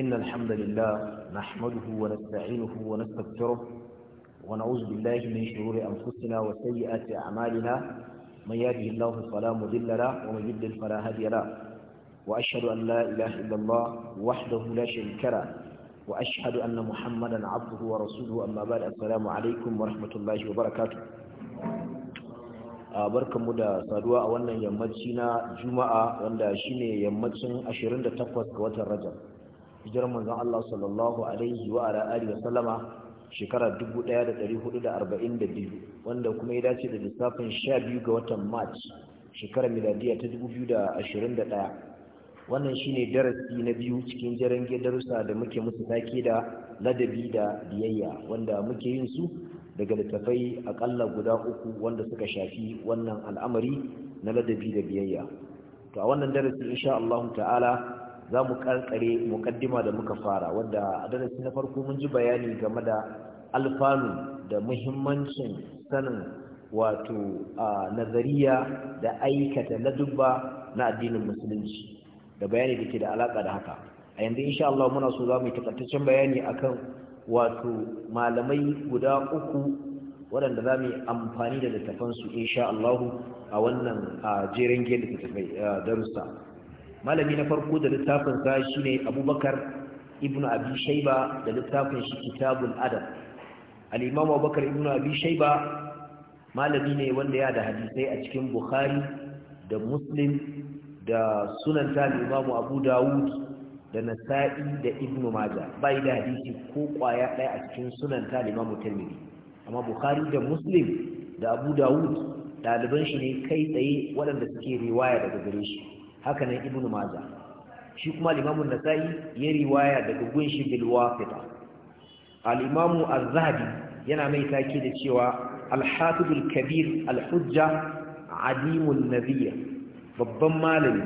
إن الحمد لله نحمده ونستعينه ونستغفره ونعوذ بالله من شرور أنفسنا وسيئات أعمالنا من يهده الله فلا مضل له ومن يضلل فلا هادي له وأشهد أن لا إله إلا الله وحده لا شريك له وأشهد أن محمدا عبده ورسوله أما بعد السلام عليكم ورحمة الله وبركاته barkanmu da saduwa a wannan yammaci na juma'a wanda shine yammacin 28 ga watan rajab hijirar manzon Allah sallallahu alaihi wa ala alihi wa sallama shekara 1442 wanda kuma ya dace da lissafin sha biyu ga watan March shekarar miladiya ta 2021 wannan shine darasi na biyu cikin jarange darussa da muke musu take da ladabi da biyayya wanda muke yin su daga littafai akalla guda uku wanda suka shafi wannan al'amari na ladabi da biyayya to a wannan darasi insha Allah ta'ala za mu karkare mukaddima da muka fara wadda a darasi na farko mun ji bayani game da alfanu da muhimmancin sanin wato nazariya da aikata na dubba na addinin musulunci da bayani da ke da alaka da haka a yanzu insha Allah muna so za mu yi takaitaccen bayani akan wato malamai guda uku waɗanda za mu yi amfani da littafansu insha Allah a wannan jerin gel littattafai darussa malami na farko da littafin sa shine abubakar ibnu abi shaiba da littafin shi kitabul adab al-imam abubakar ibnu abi shaiba malami ne wanda ya da hadisai a cikin bukhari da muslim da sunan ta imam abu dawud da nasa'i da ibnu majah bai da hadisi ko kwaya ɗaya a cikin sunan ta al-imam tirmidhi amma bukhari da muslim da abu dawud ɗaliban shi ne kai tsaye waɗanda suke riwaya daga gare shi haka nan ibnu maja shi kuma limamun nasa'i ya riwaya daga gunshi bil wafita al-imamu zahabi yana mai take da cewa al kabir alhujja hujja adimul babban malami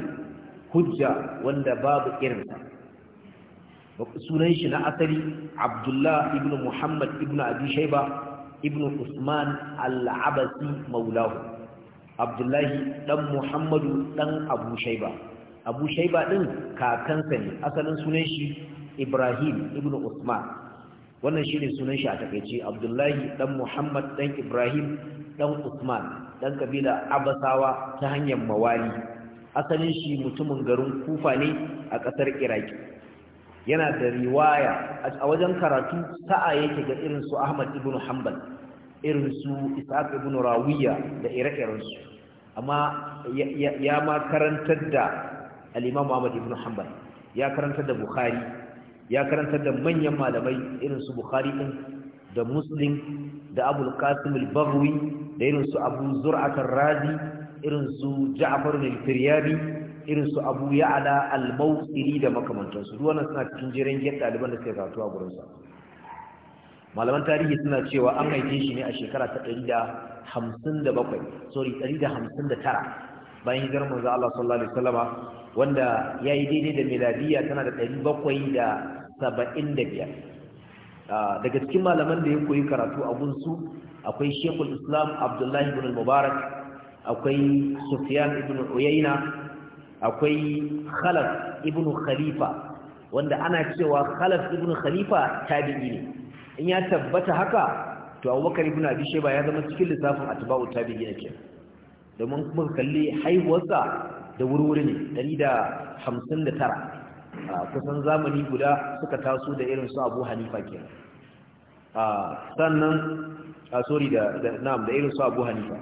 hujja wanda babu irinsa sunan shi na asali abdullah ibn muhammad ibn abi shayba ibn usman al-abasi maulahu abdullahi ɗan muhammadu ɗan abu shaiba abu shaiba din kakansa ne asalin sunan shi ibrahim ibn usman wannan shi ne sunan shi a takaice abdullahi ɗan muhammad dan ibrahim ɗan usman ɗan kabila abasawa ta hanyar mawali asalin shi mutumin garin kufa ne a ƙasar Iraq. yana da riwaya a wajen karatu sa'a yake ga irin su ahmad ibn hanbal irin su ishaq ibn rawiya da ire-iren amma ya ma karantar da al Muhammad ibn Hanbal ya karantar da Bukhari ya karantar da manyan malamai irin su Bukhari din da Muslim da Abu al-Qasim al-Baghawi da irin su Abu Zur'at ar-Razi irin su Ja'far al-Firyabi irin su Abu Ya'la al-Mawsili da makamantansu duk wannan suna cikin jiran yadda ɗaliban da suka karatu a gurin sa malaman tarihi suna cewa an haife shi ne a shekara ta 157 sorry 159 bayan hijirar manzo Allah sallallahu alaihi wasallama wanda yayi daidai da miladiya tana da 775 ah, daga cikin malaman da ya koyi karatu a gunsu akwai Sheikhul Islam Abdullahi ibn Mubarak akwai Sufyan ibn Uyayna akwai Khalaf ibn Khalifa wanda ana cewa Khalaf ibn Khalifa tabi'i ne in ya tabbata haka to abubakar ibn abi sheba ya zama cikin lissafin atba'u tabi'in ke domin kuma kalli haihuwarsa da wurwuri ne 159 kusan zamani guda suka taso da irin su Abu Hanifa ke sannan a sorry da na'am da irin su Abu Hanifa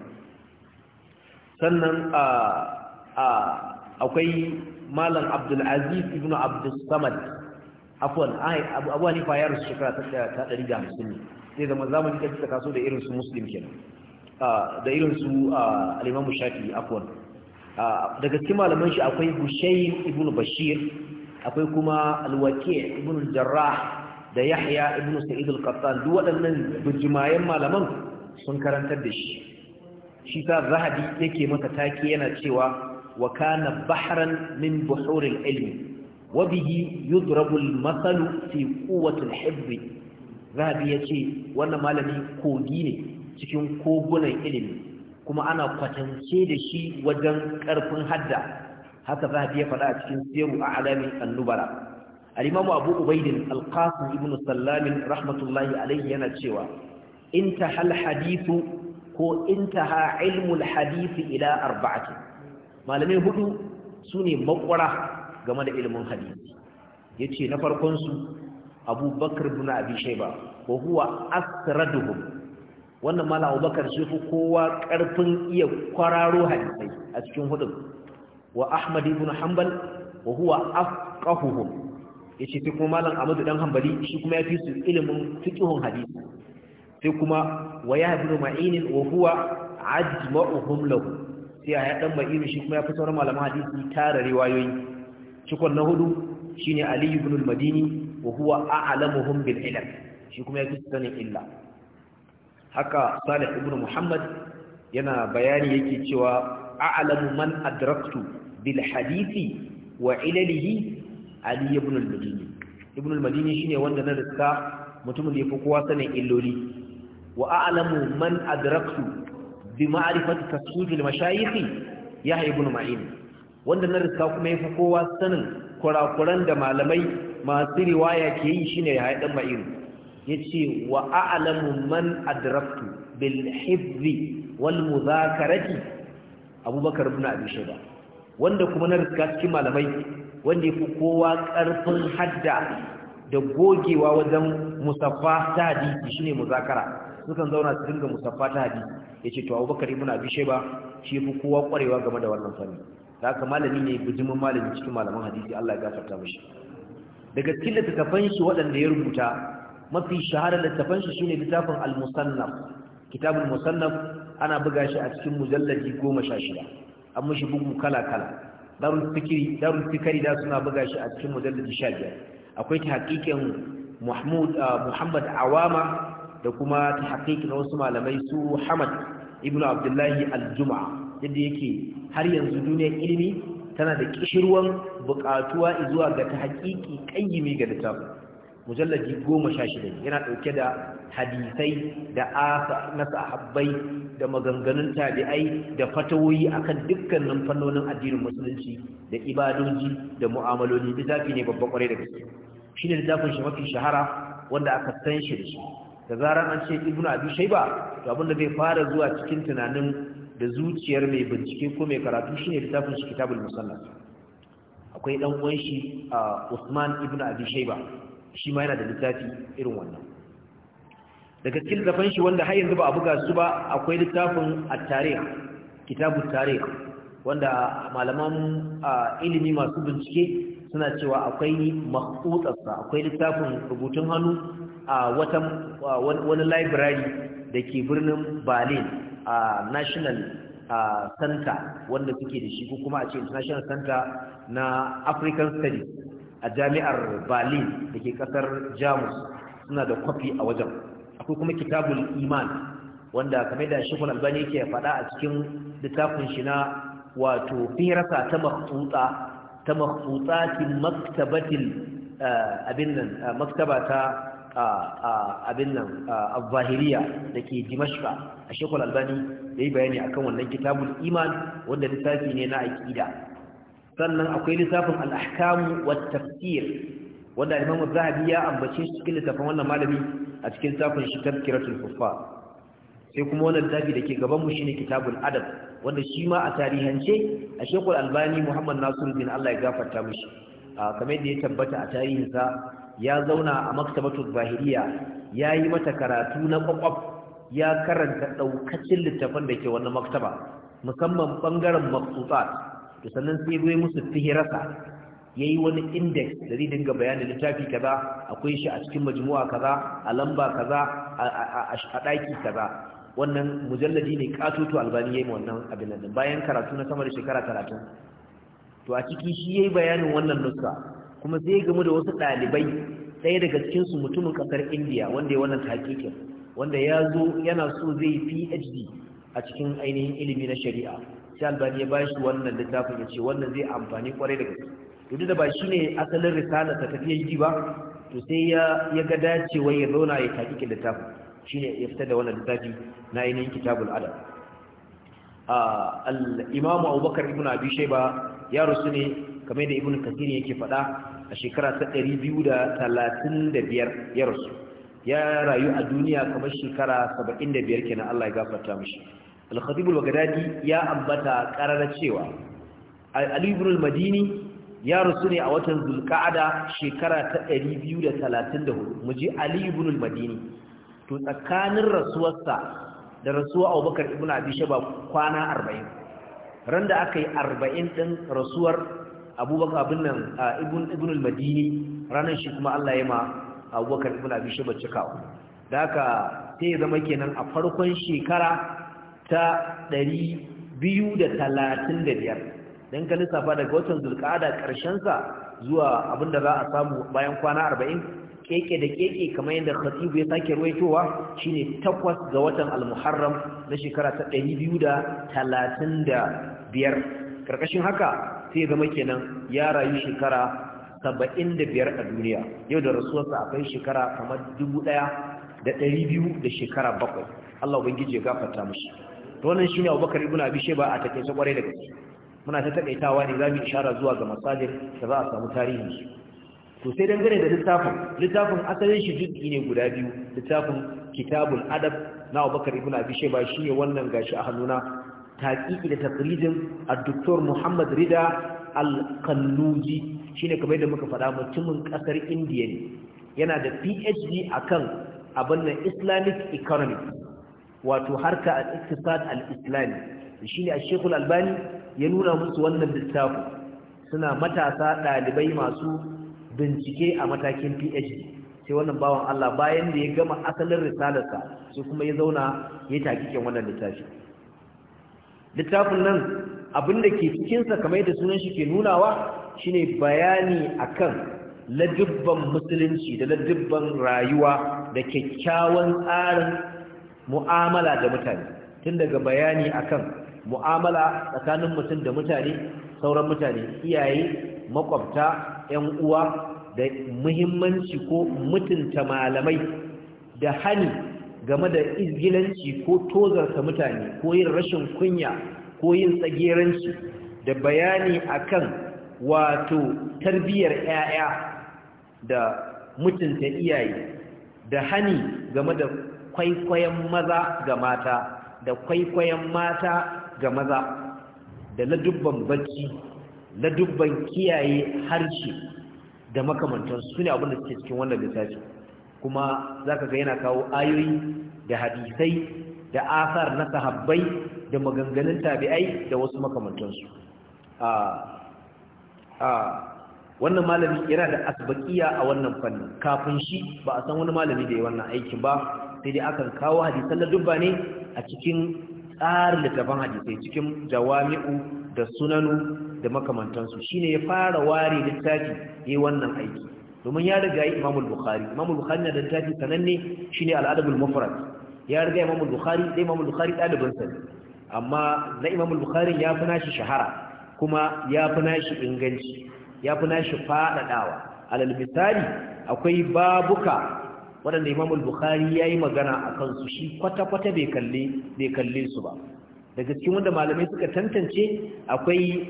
sannan a akwai malam Abdul Aziz ibn Abdul Samad afwan abu hanifa ya rasu shekara ta ɗari da hamsin zai zama zamani ɗan ta kaso da irin su muslim kenan ah, da irin su ah, alimamu shafi afwan ah, daga cikin malaman shi akwai hushain ibn bashir akwai kuma alwaki ibn jarrah da yahya ibn sa'id al-qattan duk waɗannan bijimayen malaman sun karantar da shi shi ta zahabi yake mata take yana cewa wa kana bahran min buhuril ilmi wabihi yudrabul yudrabu al-masalu fi quwwati al-hifz zabi yace wannan malami kogi ne cikin kogunan ilimi kuma ana kwatance da shi wajen karfin hadda haka zabi ya faɗa a cikin siru a alamin annubara al abu ubaidin al ibn sallam rahmatullahi alaihi yana cewa intaha hal hadithu ko intaha ilmul hadithi ila arba'ati malamai hudu sune makwara game da ilimin hadisi Ya ce na farkon su Abu Bakr ibn Abi Shayba wa huwa asraduhum wannan mala Abu Bakr shi fi kowa ƙarfin iya kwararo hadisai a cikin hudun wa Ahmad ibn Hanbal wa huwa afqahuhum yace sai kuma malam Amadu dan Hanbali shi kuma yafi su ilimin fiqhun hadisi sai kuma wa Yahya ibn Ma'in wa huwa ajma'uhum lahu sai ya dan Ma'in shi kuma yafi sauran malaman hadisi tara riwayoyi cikon na hudu shine Ali ibn al-Madini wa huwa a'lamuhum bil ilm shi kuma yake sanin illa haka Salih ibn Muhammad yana bayani yake cewa a'lamu man adraktu bil hadisi wa ilalihi Ali ibn al-Madini ibn al-Madini shine wanda na riska mutumin da yafi kowa sanin illoli wa a'lamu man adraktu bi ma'rifati taswif al-mashayikh yahya ibn Ma'in wanda na riska kuma ya fi kowa sanin kurakuran da malamai masu riwaya ke yi shi ne ya haɗin ma'ir ya ce wa a'alamu man adraftu bil hibzi wal muzakarati abubakar ibn abi shaida. wanda kuma na riska cikin malamai wanda ya fi kowa ƙarfin hadda da gogewa wajen musaffa ta hadisi shine muzakara sukan zauna su dinga musaffa ta hadisi yace to abubakar ibn abi shayba shi fi kowa kwarewa game da wannan fanni da aka malami ne bijimin malami cikin malaman hadisi Allah ya gafarta mishi daga cikin littafan shi waɗanda ya rubuta mafi shahara littattafan shi shine littafin al-musannaf kitabul musannaf ana buga shi a cikin mujalladi 16 an mishi bugu kala kala darul fikri darul fikri da suna buga shi a cikin mujalladi 15 akwai tahqiqin Muhammad ah, Muhammad Awama da kuma tahqiq na wasu malamai su Hamad Ibnu Abdullahi al-Jum'a yadda yake har yanzu duniyar ilimi tana da kishirwan buƙatuwa zuwa ga ta haƙiƙi ƙayyimi ga littafin mujallaji goma sha shida yana ɗauke da hadisai da asa na sahabbai da maganganun tabi'ai da fatawoyi akan dukkanin fannonin addinin musulunci da ibadoji da mu'amaloli littafi ne babba kwarai da gaske shi ne littafin shi mafi shahara wanda aka san shi da shi da zarar an ce ibnu abi shaiba to abin da zai fara zuwa cikin tunanin da zuciyar mai bincike ko mai karatu shine littafin shi kitabul musannaf akwai dan uwan shi a Usman ibn Abi Shayba shi ma yana da littafi irin wannan daga cikin zafan shi wanda har yanzu ba a buga su ba akwai littafin at-tarikh kitabut tarikh wanda malaman ilimi masu bincike suna cewa akwai makutsarsa akwai littafin rubutun hannu a wani library da ke birnin berlin a national center wanda suke da shi ko kuma a ce international center na african studies a jami'ar berlin da ke kasar jamus suna da kwafi a wajen akwai kuma kitabul iman wanda kamar da shekul albani yake faɗa a cikin littafin shi na wato firasa ta maktuta ta maktutatin maktabatin eh, abin nan eh, maktaba ta abin nan al-zahiriya da ke dimashka a shekul albani da yi bayani akan wannan kitabul iman wanda littafi ne na aƙida sannan akwai lissafin al'ahkamu wa tafsir wanda imam zahabi ya ambace shi cikin littafin wannan malami a cikin littafin shi tafkiratul kuffar sai kuma wannan littafi da ke gaban mu shine kitabul adab wanda shi ma a tarihance a shekul albani muhammad nasiruddin Allah ya gafarta mishi kamar yadda ya tabbata a tarihinsa ya zauna a maktabatul zahiriya ya yi mata karatu na kwakwaf ya karanta ɗaukacin littafan da ke wannan maktaba musamman ɓangaren maksutsat to sannan sai zai musu fihirasa ya yi wani index da zai dinga bayanin littafi kaza akwai shi a cikin majmu'a kaza a lamba kaza a ɗaki kaza wannan mujalladi ne katoto albani yayi wannan abin nan bayan karatu na sama da shekara 30 to a ciki shi yayi bayanin wannan nuska kuma zai gamu da wasu ɗalibai ɗaya daga cikinsu mutumin ƙasar indiya wanda ya wannan hakikin wanda ya zo yana so zai phd a cikin ainihin ilimi na shari'a sai albani ya bashi wannan littafin ya ce wannan zai amfani kwarai da gaske to da ba shine asalin risala ta tafiya ji ba to sai ya ya ga dacewa ya zauna ya hakikin littafin shine ya fitar da wannan littafi na ainihin kitabul adab al Imamu Abubakar ibn Abi Shayba ya rusu ne kamar da ibnu Kathir yake faɗa a shekara ta 235 ya rasu ya rayu a duniya kamar shekara 75 kenan Allah ya gafarta mishi al-khatib al-baghdadi ya ambata karara cewa ali ibn al-madini ya rasu ne a watan zulqa'ada shekara ta 234 muji ali ibn al-madini to tsakanin rasuwarsa da rasuwa abubakar ibn abi shaba kwana 40 ran da aka yi 40 din rasuwar abubakar abin nan ibn al-madini ranar shi kuma Allah ya ma abubakar ibn abi cika cikawa da haka sai ya zama kenan a farkon shekara ta 235 dan ka lissafa daga watan zulqa'ada karshen sa zuwa abinda za a samu bayan kwana 40 keke da keke kamar yadda khatibu ya sake ruwaitowa shine takwas ga watan al na shekara ta 235 karkashin haka sai zama kenan ya rayu shekara saba'in da biyar a duniya yau da rasuwarsa akwai shekara kamar dubu ɗaya da ɗari biyu da shekara bakwai Allah ubangiji ya gafarta mashi ta wannan shine Abubakar ibn bishe ba a take kwarai da gaske muna ta takaitawa ne zamu ishara zuwa ga masajin da za a samu tarihin su to sai dangane da littafin littafin asalin shi juz'i ne guda biyu littafin kitabul adab na Abubakar bishe ba shi ne wannan gashi a hannuna taƙiƙi da taqrijin a doktor Muhammad Rida al-Kannuji shine kamar da muka faɗa mutumin ƙasar Indiya ne yana da PhD kan abin nan Islamic economy, wato harka a iktisad al-islami shine al-Sheikh al-Albani ya nuna musu wannan littafi suna matasa ɗalibai masu bincike a matakin PhD sai wannan bawan Allah bayan da ya gama asalin risalarsa sai kuma ya zauna ya taƙiƙin wannan littafi littafin nan abin da ke cikinsa kamar yadda sunan shi ke nunawa shine bayani akan ladubban musulunci da ladubban rayuwa da kyakkyawan tsarin mu'amala da mutane tun daga bayani akan mu'amala tsakanin mutum da mutane sauran mutane iyaye makwabta 'yan uwa da muhimmanci ko mutunta malamai da hani game da izgilanci ko tozarta mutane ko yin rashin kunya ko yin tsageranci da bayani akan wato tarbiyyar 'ya'ya da mutunta iyaye da hani game da kwaikwayon maza ga mata da kwaikwayon mata ga maza da ladubban bacci ladubban kiyaye harshe da makamantar su ne abinda suke cikin wannan lissafi kuma zaka ga yana kawo ayoyi da hadisai da asar na sahabbai da maganganun tabi'ai da wasu makamantansu wannan malami yana da asbaqiya a wannan fanni kafin shi ba a san wani malami da ya wannan aikin ba sai dai akan kawo hadisan da dubba ne a cikin tsarin littafin hadisai cikin jawami'u da sunanu da makamantansu shine ya fara ware littafi yayi wannan aiki domin ya riga yi imamul bukhari imamul bukhari na da tafi sananne shine al'adabul mufrad ya riga imamul bukhari da imamul bukhari ɗalibin sa amma na imamul bukhari ya fi nashi shahara kuma ya fi nashi inganci ya fi nashi faɗaɗawa alal misali akwai babuka waɗanda imamul bukhari ya yi magana a kansu shi kwata-kwata bai kalle su ba daga cikin wanda malamai suka tantance akwai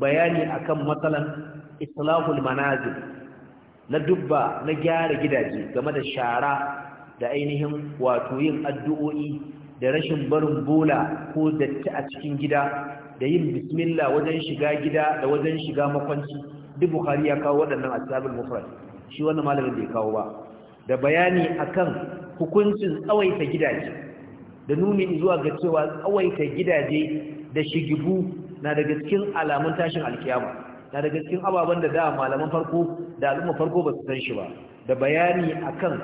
bayani akan matsalan islahul manazil na dubba na gyara gidaje game da shara da ainihin wato yin addu'o'i da rashin barin bola ko datti a cikin gida da yin bismillah wajen shiga gida da wajen shiga makwanci duk Bukhari ya kawo waɗannan asabul mufrad shi wannan malamin bai kawo ba da bayani akan hukuncin tsawaita gidaje da nuni zuwa ga cewa tsawaita gidaje da shigibu na daga cikin alamun tashin alkiyama na daga cikin ababen da da malaman farko da al'umma farko ba su san shi ba da bayani akan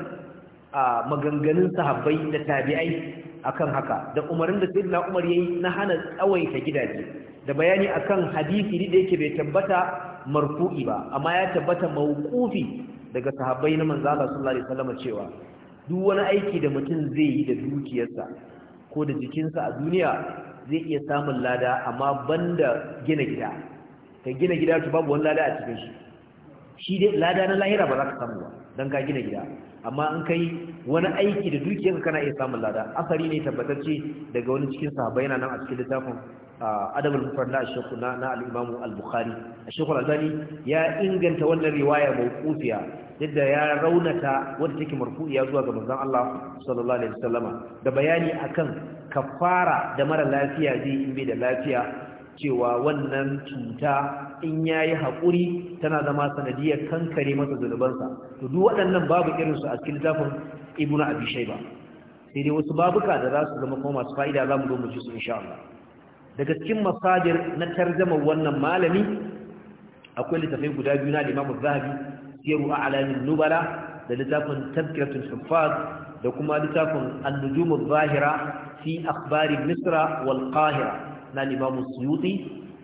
a maganganun sahabbai da tabi'ai akan haka da umarin da sayyidina Umar yayi na hana tsawaita gidaje da bayani akan hadisi da yake bai tabbata marfu'i ba amma ya tabbata mawqufi daga sahabbai na manzo Allah sallallahu alaihi wasallam cewa duk wani aiki da mutum zai yi da dukiyarsa ko da jikinsa a duniya zai iya samun lada amma banda gina gida ka gina gida to babu wani lada a cikin shi shi dai lada na lahira ba za ka samu ba don ka gina gida amma in kai wani aiki da dukiyarka kana iya samun lada asari ne tabbatacce daga wani cikin sahabbai yana nan a cikin littafin adabul mufarda a shaykhu na na al al-bukhari shaykhu al ya inganta wannan riwaya mawqufiya yadda ya raunata wanda take marfu'iya zuwa ga manzon Allah sallallahu alaihi wasallama da bayani akan kafara da mara lafiya zai in bai da lafiya cewa wannan cuta in ya yi haƙuri tana zama sanadiyar kankare masa zunubansa to duk waɗannan babu irinsu a cikin littafin ibnu abi shaiba sai dai wasu babuka da za su zama kuma masu fa'ida za mu zo mu ji su insha Allah daga cikin masajir na tarjamar wannan malami akwai littafin guda biyu na Imam Zahabi siru a'lamin nubala da littafin tazkiratul huffaz da kuma littafin an-nujum fi akhbari misra wal qahira na limamu suyuti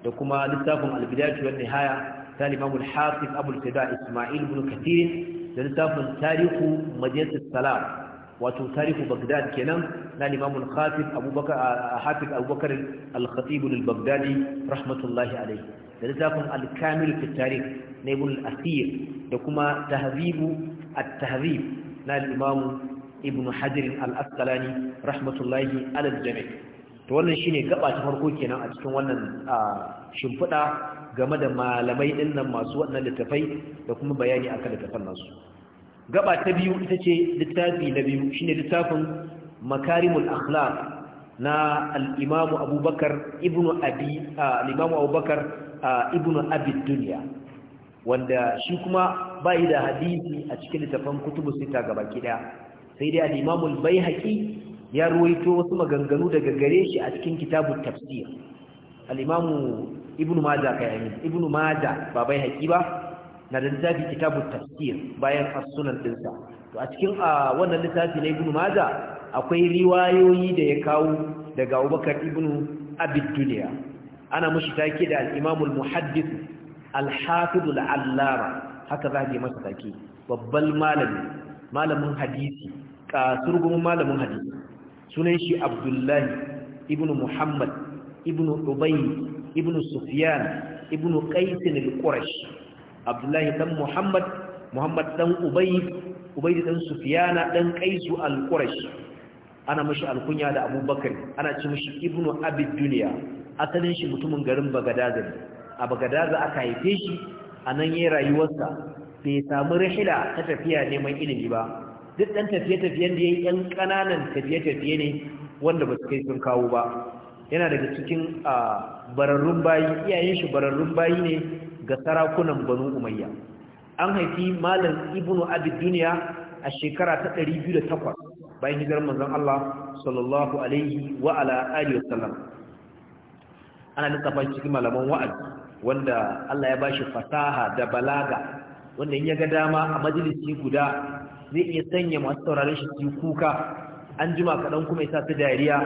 da kuma littafin albidatu wal nihaya ta limamu al-hafiz abul fida isma'il ibn katirin da littafin tarihu majlis salam wato tarihu bagdad kenan na limamu al-hafiz abubakar hafiz abubakar al-khatib rahmatullahi da littafin al-kamil fi tarikh na ibn da kuma tahzibu at-tahzib na limamu ibn hajar al-asqalani rahmatullahi ala to wannan shine gaba ta farko kenan a cikin wannan shimfiɗa game da malamai ɗin nan masu waɗannan littafai da kuma bayani akan littafan nasu gaba ta biyu ita ce littafi na biyu shine littafin makarimul akhlaq na al-imam abubakar ibnu abi al abubakar ibnu abi wanda shi kuma bai da hadisi a cikin littafan kutubu sita gabaki daya sai dai al-imam al-baihaqi ya ruwaito wasu maganganu daga gare shi a cikin kitabun tafsir al'imamu ibn maja kayanin ibn maja ba haƙi ba na da littafi kitabun tafsir bayan asunan ɗinsa to a cikin wannan littafi na ibn maja akwai riwayoyi da ya kawo daga abubakar ibn abid duniya ana mushi take da al'imamul muhaddis alhafidul allara haka za a masa take babbal malami malamin hadisi kasurgumin malamin hadisi sunan shi abdullahi Ibnu muhammad Ibnu ubayi ibn sufyan ibn qaisin al-qurash abdullahi dan muhammad muhammad dan ubayi ubayi dan sufyana dan qaisu al-qurash ana mashi alkunya da abubakar ana ci mashi Ibnu abid dunya asalin shi mutumin garin bagadaza a bagadaza aka haife shi anan yayin rayuwarsa bai samu rahila ta tafiya neman ilimi ba duk ɗan tafiye-tafiyen da ya yi ‘yan ƙananan tafiye-tafiye ne wanda ba su kai sun kawo ba yana daga cikin bararrun bayi iyayen shi bararrun bayi ne ga sarakunan banu umayya an haifi malam ibnu abid duniya a shekara ta da 208 bayan hijirar manzon Allah sallallahu alaihi wa ala alihi wasallam ana lissafa cikin malaman wa'azi wanda Allah ya bashi fasaha da balaga wanda in ya ga dama a majalisi guda zai iya sanya masu saurare shi su kuka an jima kaɗan kuma ya sa su dariya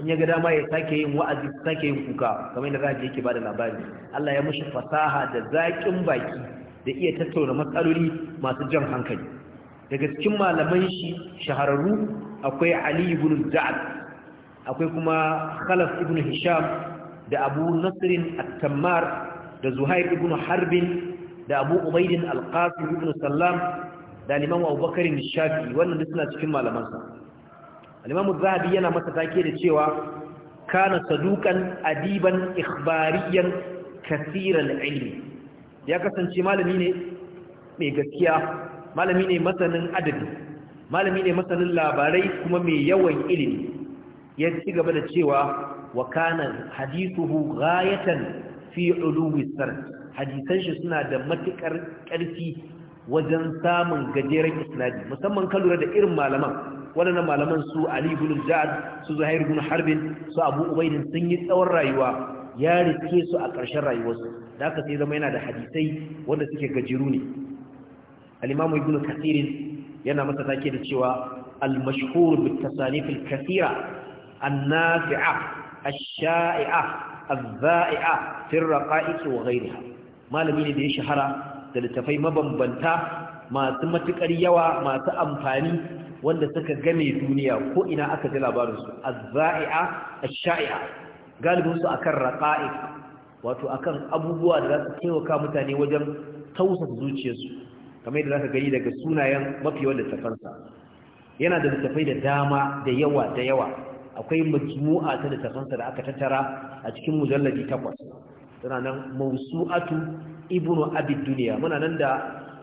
in ya ga dama ya sake yin wa'azi su sake yin kuka kamar yadda raji yake ba da labari Allah ya mushi fasaha da zaƙin baki da iya tattauna matsaloli masu jan hankali daga cikin malaman shi shahararru akwai Ali ibn Za'ad akwai kuma Khalaf ibn Hisham da Abu Nasrin At-Tammar da Zuhair ibn Harbin da Abu Ubaidin Al-Qasim ibn Sallam da wa abubakarin shafi wannan suna cikin malamansa limamu zahabi yana masa take da cewa kana sadukan adiban ikhbariyan kasiran ilmi ya kasance malami ne mai gaskiya malami ne masanin adabi malami ne masanin labarai kuma mai yawan ilimi ya ci gaba da cewa wa kana hadithuhu ghayatan fi ulumi sar hadisan shi suna da matukar ƙarfi wajen samun gajeren isnadi musamman kan lura da irin malaman waɗannan malaman su Ali ibn Ja'ad su Zuhair ibn Harbin su Abu Ubayd sun yi tsawon rayuwa ya rike su a ƙarshen rayuwarsu da haka sai zama yana da hadisai wanda suke gajeru ne al-Imam Ibn Kathir yana masa take da cewa al-mashhur bit tasanif al-kathira an-nafi'a ash-sha'i'a al-dha'i'a fi ar wa ghayriha malami ne da ya shahara da littafai mabambanta masu matuƙar yawa masu amfani wanda suka game duniya ko ina aka ji labarinsu azza'i'a a shaia galibin su akan raqa'iq wato akan abubuwa da za su taimaka mutane wajen tausasa zuciyarsu kamar yadda zaka gani daga sunayen mafi wanda tafansa yana da littafai da dama da yawa da yawa akwai majmu'a ta littafansa da aka tattara a cikin mujallaji takwas tana nan mawsu'atu ibnu Abid duniya muna nan da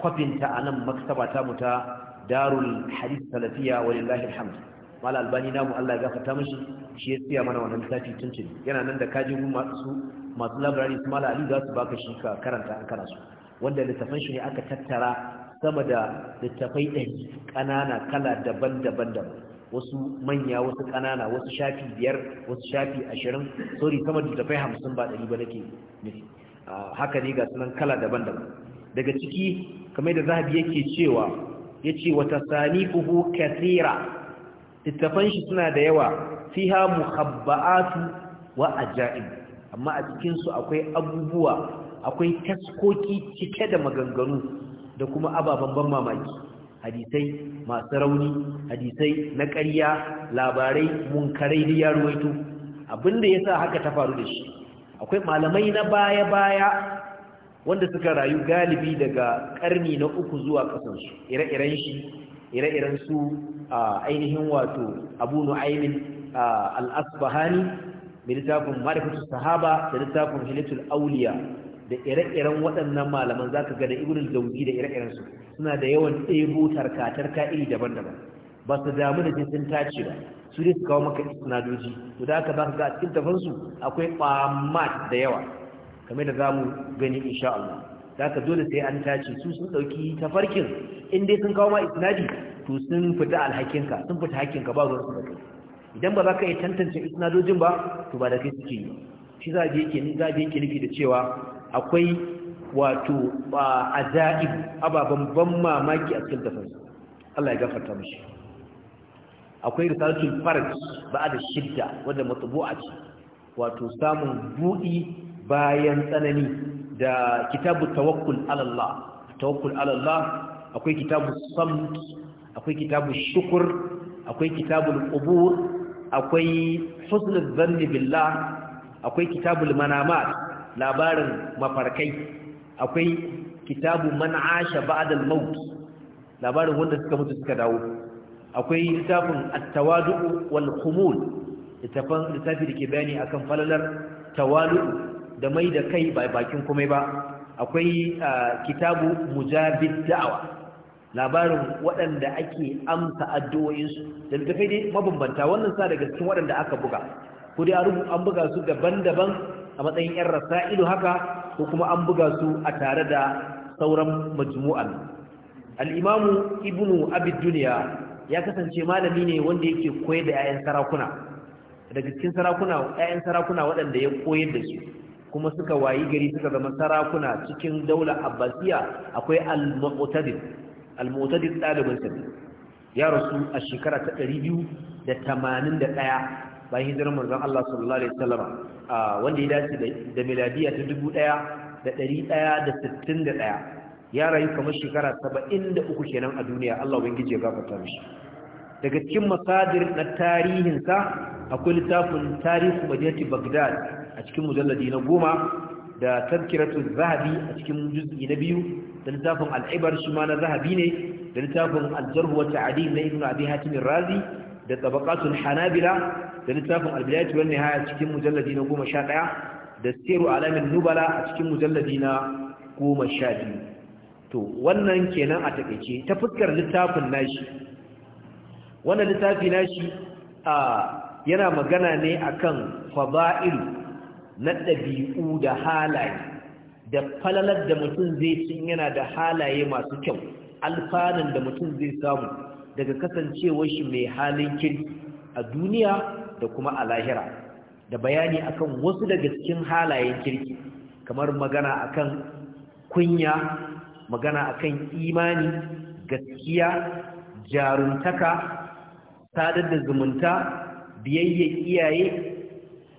kwafinta a nan maktaba ta mu ta darul hadith salafiya walillahi alhamd mal albani namu Allah ya gafarta mishi shi ya tsaya mana wannan tafi tuntun. yana nan da kajin mu masu masu library su mala ali za su baka shi ka karanta an kana su wanda littafin shi ne aka tattara sama da littafai ɗari ƙanana kala daban-daban daban wasu manya wasu ƙanana wasu shafi biyar wasu shafi ashirin sorry sama da littafai hamsin ba ɗari ba nake nufi haka ne ga sunan kala daban-daban daga ciki kamar da zahabi yake cewa yace wata uku kasira littafan shi suna da yawa fiha muhabba'atu wa ajaib amma a cikin su akwai abubuwa akwai taskoki cike da maganganu da kuma ababen ban mamaki hadisai masu rauni hadisai na ƙarya labarai munkarai da ya ruwaito abinda yasa haka ta faru da shi akwai malamai na baya-baya wanda suka rayu galibi daga karni na uku zuwa kasansu ire-iren shi ire-iren su ainihin wato abu nu'aimin al'asbahani da littafin marifatu sahaba da littafin halittul auliya da ire-iren waɗannan malaman za ka gada ibn jauzi da ire-iren su suna da yawan ɗebo tarkatarka ka'iri iri daban-daban ba su damu da jisun tace ba su ne su kawo maka sinadoji to da aka zaka ga a cikin tafansu akwai ƙwamat da yawa kamar da zamu gani insha Allah aka dole sai an tace su sun ɗauki tafarkin in dai sun kawo ma isnadi to sun fita alhakinka sun fita hakinka ba zuwa su da kai idan ba za ka iya tantance isnadojin ba to ba da kai suke yi shi za a yake ni za a yake nufi da cewa akwai wato ajaib ababan ban mamaki a cikin tafansu Allah ya gafarta mishi akwai risalatul farj ba'ad shidda wanda matbu'a ce wato samun buɗi bayan tsanani da kitabu tawakkul ala Allah tawakkul ala Allah akwai kitabu samt akwai kitabu shukur, akwai kitabu qubur akwai husnul zanni billah akwai al manamat labarin mafarkai akwai kitabu man'asha ba'da al-maut labarin wanda suka mutu suka dawo akwai littafin at wal khumul littafin littafi da ke bayani akan falalar tawalu da mai da kai ba bakin komai ba akwai kitabu mujabid da'awa labarin waɗanda ake amsa addu'o'insu da littafai dai mabambanta wannan sa daga cikin waɗanda aka buga ko dai an buga su daban-daban a matsayin 'yan rasa'ilu haka ko kuma an buga su a tare da sauran majmu'an al'imamu ibnu abid duniya ya kasance malami ne wanda yake koyar da 'ya'yan sarakuna daga cikin sarakuna 'ya'yan sarakuna waɗanda ya koyar da su kuma suka wayi gari suka zama sarakuna cikin daular abbasiya akwai al-mu'tadid al-mu'tadid ɗalibin sa ya rasu a shekara ta 281 bayan hijirar manzon Allah sallallahu alaihi wasallam wanda ya dace da miladiya ta 1161 ya rayu kamar shekara saba'in da uku kenan a duniya Allah ubangiji ya gafarta mishi daga cikin masadir na tarihinsa akwai littafin tarihu madinati bagdad a cikin mujalladi na goma da tazkiratu zahabi a cikin juz'i na biyu da littafin al'ibar shi ma na zahabi ne da littafin aljarhu wa ta'adi na ibnu abi hatim razi da tabaqatul hanabila da littafin albidayatu wan nihaya cikin mujalladi na ɗaya da siru alamin nubala a cikin mujalladi na goma sha biyu. to wannan kenan a takaice ta fuskar littafin nashi wannan littafi nashi a yana magana ne akan fada'il na ɗabi'u da halaye da falalar da mutum zai ci yana da halaye masu kyau alfanun da mutum zai samu daga kasancewar shi mai halin kirki a duniya da kuma a lahira da bayani akan wasu daga cikin halayen kirki kamar magana akan kunya magana akan imani gaskiya jaruntaka sadar da zumunta biyayya iyaye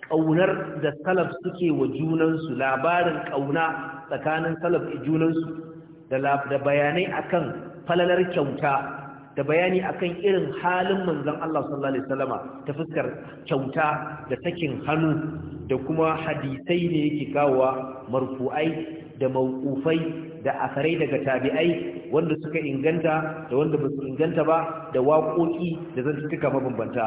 ƙaunar da salaf suke wa junansu labarin ƙauna tsakanin salaf junansu da bayanai akan falalar kyauta da bayani akan irin halin manzon Allah sallallahu alaihi wasallama ta fuskar kyauta da takin hannu da kuma hadisai ne yake kawowa marfu'ai da mawqufai da asarai daga tabi'ai wanda suka inganta da wanda ba su inganta ba da waƙoƙi da zan tuka mabambanta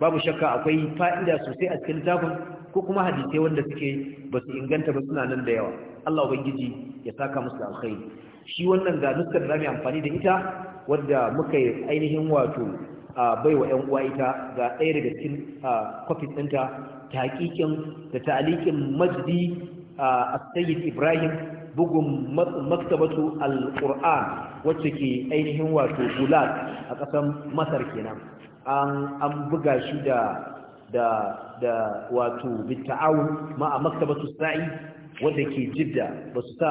babu shakka akwai fa'ida sosai a cikin littafin ko kuma hadisai wanda suke ba su inganta ba suna nan da yawa Allah ubangiji ya saka musu alkhairi shi wannan ga nuskar da zamu amfani da ita wanda muka yi ainihin wato a baiwa ‘yan uwa ita ga ɗaya daga cikin kwafis ɗinta ta hakikin da ta'alikin majdi السيد Ibrahim, bugun maktabatu al-Qur'an wacce ke ainihin wato Gulag a ƙasar Masar kenan an buga shi da da da wato bitta'awu ma a maktabatu Sa'i wanda ke Jidda ba su sa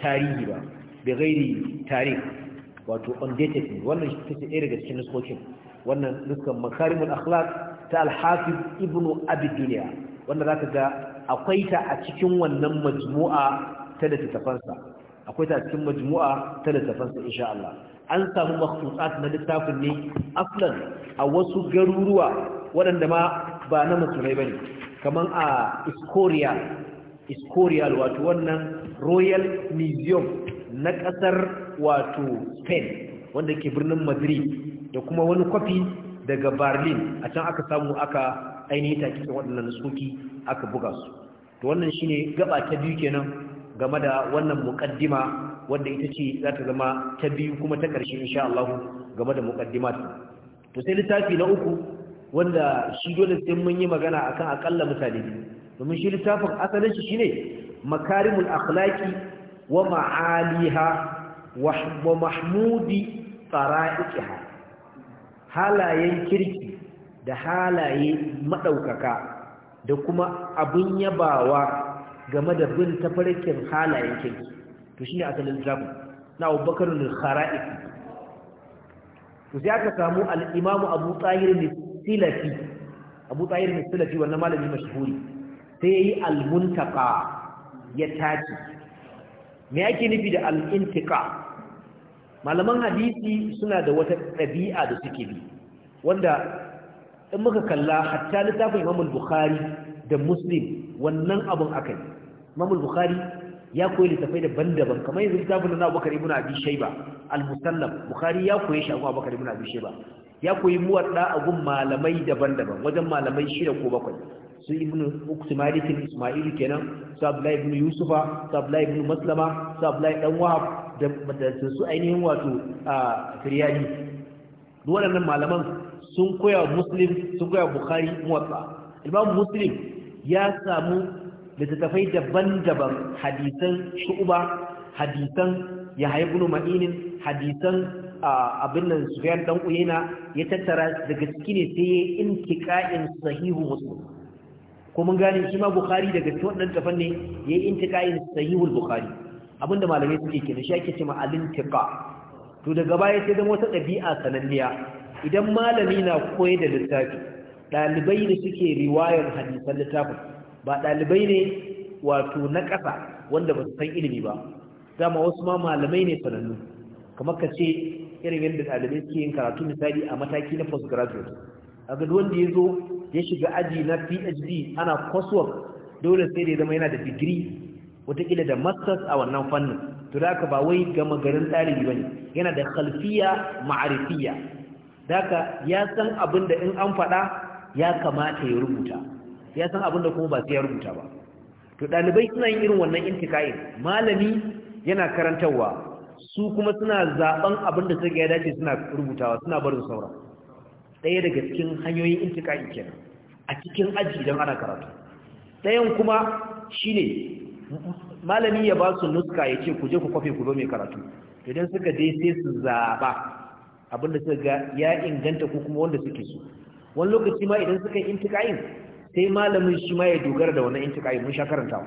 tarihi ba bi gairi tarih wato undated wannan shi take ɗaya daga cikin nuskokin wannan nuskan makarimul akhlaq ta al-Hafiz Ibn Abi Dunya wanda zaka ga akwai ta a cikin wannan majmu'a ta littafansa akwai ta cikin majmu'a ta littafansa insha Allah an samu makhsusat na littafin ne aslan a wasu garuruwa waɗanda ma ba na musulmai bane kaman a Iskoria Iskoria wato wannan Royal Museum na ƙasar wato Spain wanda ke birnin Madrid da kuma wani kwafi daga Berlin a can aka samu aka ainihin ta takikin waɗannan suki aka buga su to wannan shi ne gaba ta biyu kenan game da wannan muƙaddima wadda ita ce za ta zama ta biyu kuma ta ƙarshe insha Allah game da muƙaddima to sai littafi na uku wanda shi dole sai mun yi magana akan akalla mutane biyu domin shi littafin asalin shi ne makarimul akhlaqi wa ma'aliha wa mahmudi fara'iqiha halayen kirki da halaye maɗaukaka da kuma abun yabawa game da bin tafarkin halayen kirki to shine asalin littafin na abubakar al to sai aka samu al'imamu imam abu tahir al-silafi abu tahir al-silafi wannan malami mashhuri sai yayi al-muntaqa ya tace me yake nufi da al-intiqa malaman hadisi suna da wata ɗabi'a da suke bi wanda in muka kalla hatta littafin imam bukhari da muslim wannan abun akai imam bukhari ya koyi littafai daban-daban kamar yanzu littafin na abubakar ibn abi shayba al-musannaf bukhari ya koyi shi Abu abubakar ibn abi shayba ya koyi muwadda agun gun malamai daban-daban wajen malamai shida ko bakwai su ibn uktumalik isma'il kenan su abdullahi ibn yusufa su abdullahi ibn maslama su abdullahi dan wahab da su ainihin wato a firyani nan malaman sun koya muslim sun koya bukhari muwatsa imam muslim ya samu littattafai daban-daban hadisan shu'uba hadisan ya haibu ma'inin hadisan abin nan sufiyan dan uyena ya tattara daga ciki ne sai ya yi intiqa'in sahihu muslim ko mun gane shi ma bukhari daga cikin wannan tafan ne ya intiqa'in sahihul Abin da malamai suke kenan shi ake cewa al-intiqa to daga baya sai zama wata ɗabi'a sananniya idan malami na koyar da littafi ɗalibai ne suke riwayar hadisan littafin ba ɗalibai ne wato na ƙasa wanda ba su san ilimi ba dama wasu ma malamai ne sanannu kamar ka ce irin yadda ɗalibai suke yin karatu misali a mataki na postgraduate a ga wanda ya zo ya shiga aji na phd ana coursework dole sai da ya zama yana da digiri watakila da masters a wannan fannin to da aka ba wai gama garin ɗalibi ba ne yana da khalfiya ma'arifiya daga ya san abin da in an faɗa ya kamata ya rubuta ya san abin da kuma ba sai ya rubuta ba to ɗalibai suna yin irin wannan intikai malami yana karantarwa su kuma suna zaɓen abin da suka ya dace suna rubutawa suna barin saura. ɗaya daga cikin hanyoyin intikai kenan a cikin aji idan ana karatu ɗayan kuma shine malami ya ba su nuska ya ce ku je ku kwafe ku zo mai karatu idan suka je sai su zaɓa abin da suka ga ya inganta ko kuma wanda suke so wani lokaci ma idan suka yi intiqa'in sai malamin shi ma ya dogara da wannan intiqa'in mun sha karanta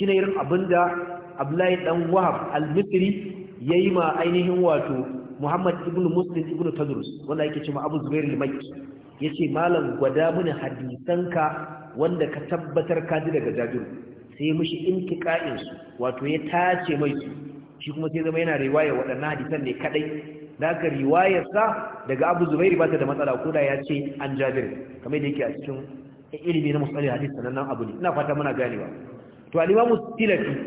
ne irin abin da Abdullahi dan Wahab al-Misri yayi ma ainihin wato Muhammad ibn Muslim ibn Tadrus wanda yake cewa Abu Zubair al-Makki ce malam gwada mini hadisanka wanda ka tabbatar ka ji daga Jabir sai mishi intiqa'in su wato ya tace mai su shi kuma sai zama yana riwaya waɗannan hadisan ne kadai da aka sa daga abu zubairi ba ta da matsala ko da ya ce an jabir kamar da yake a cikin ilimi na musulmi hadis sanannen abu ne ina fata muna ganewa to alimamu tilafi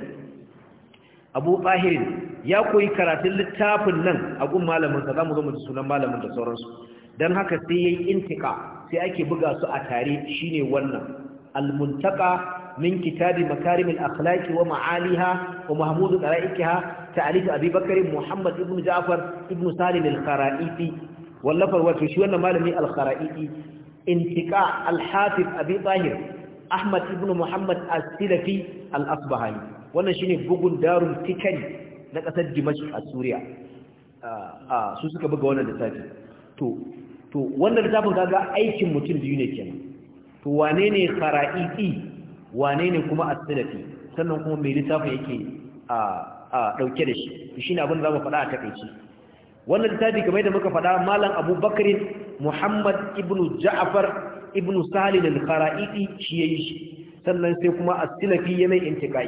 abu bahir ya koyi karatun littafin nan a gun malaminsa za mu zo mu ji sunan malamin da sauransu dan haka sai ya yi intika sai ake buga su a tare shine wannan almuntaka min kitabi makarimin akhlaqi wa ma'aliha wa mahmudu qara'ikiha ta'alif abi bakari muhammad ibn ja'far ibn salim al-khara'iti wallafar wato shi wannan malami al-khara'iti intiqa al-hafiz abi tahir ahmad ibn muhammad as-silafi al-asbahani wannan bugun darul fikri na kasar dimashq a suriya ah, ah, su suka buga wannan littafi to to wannan littafin kaga aikin mutum biyu ne kenan to wane ne khara'iti wane ne kuma as-salafi sannan kuma mai littafin yake a ah, A ɗauke da shi shi ne abin da za mu faɗa a takaici wannan littafi game da muka faɗa malam abubakarin muhammad ibn ja'afar ibn salin al-fara'idi shi ya yi shi sannan sai kuma a silafi ya mai intiqai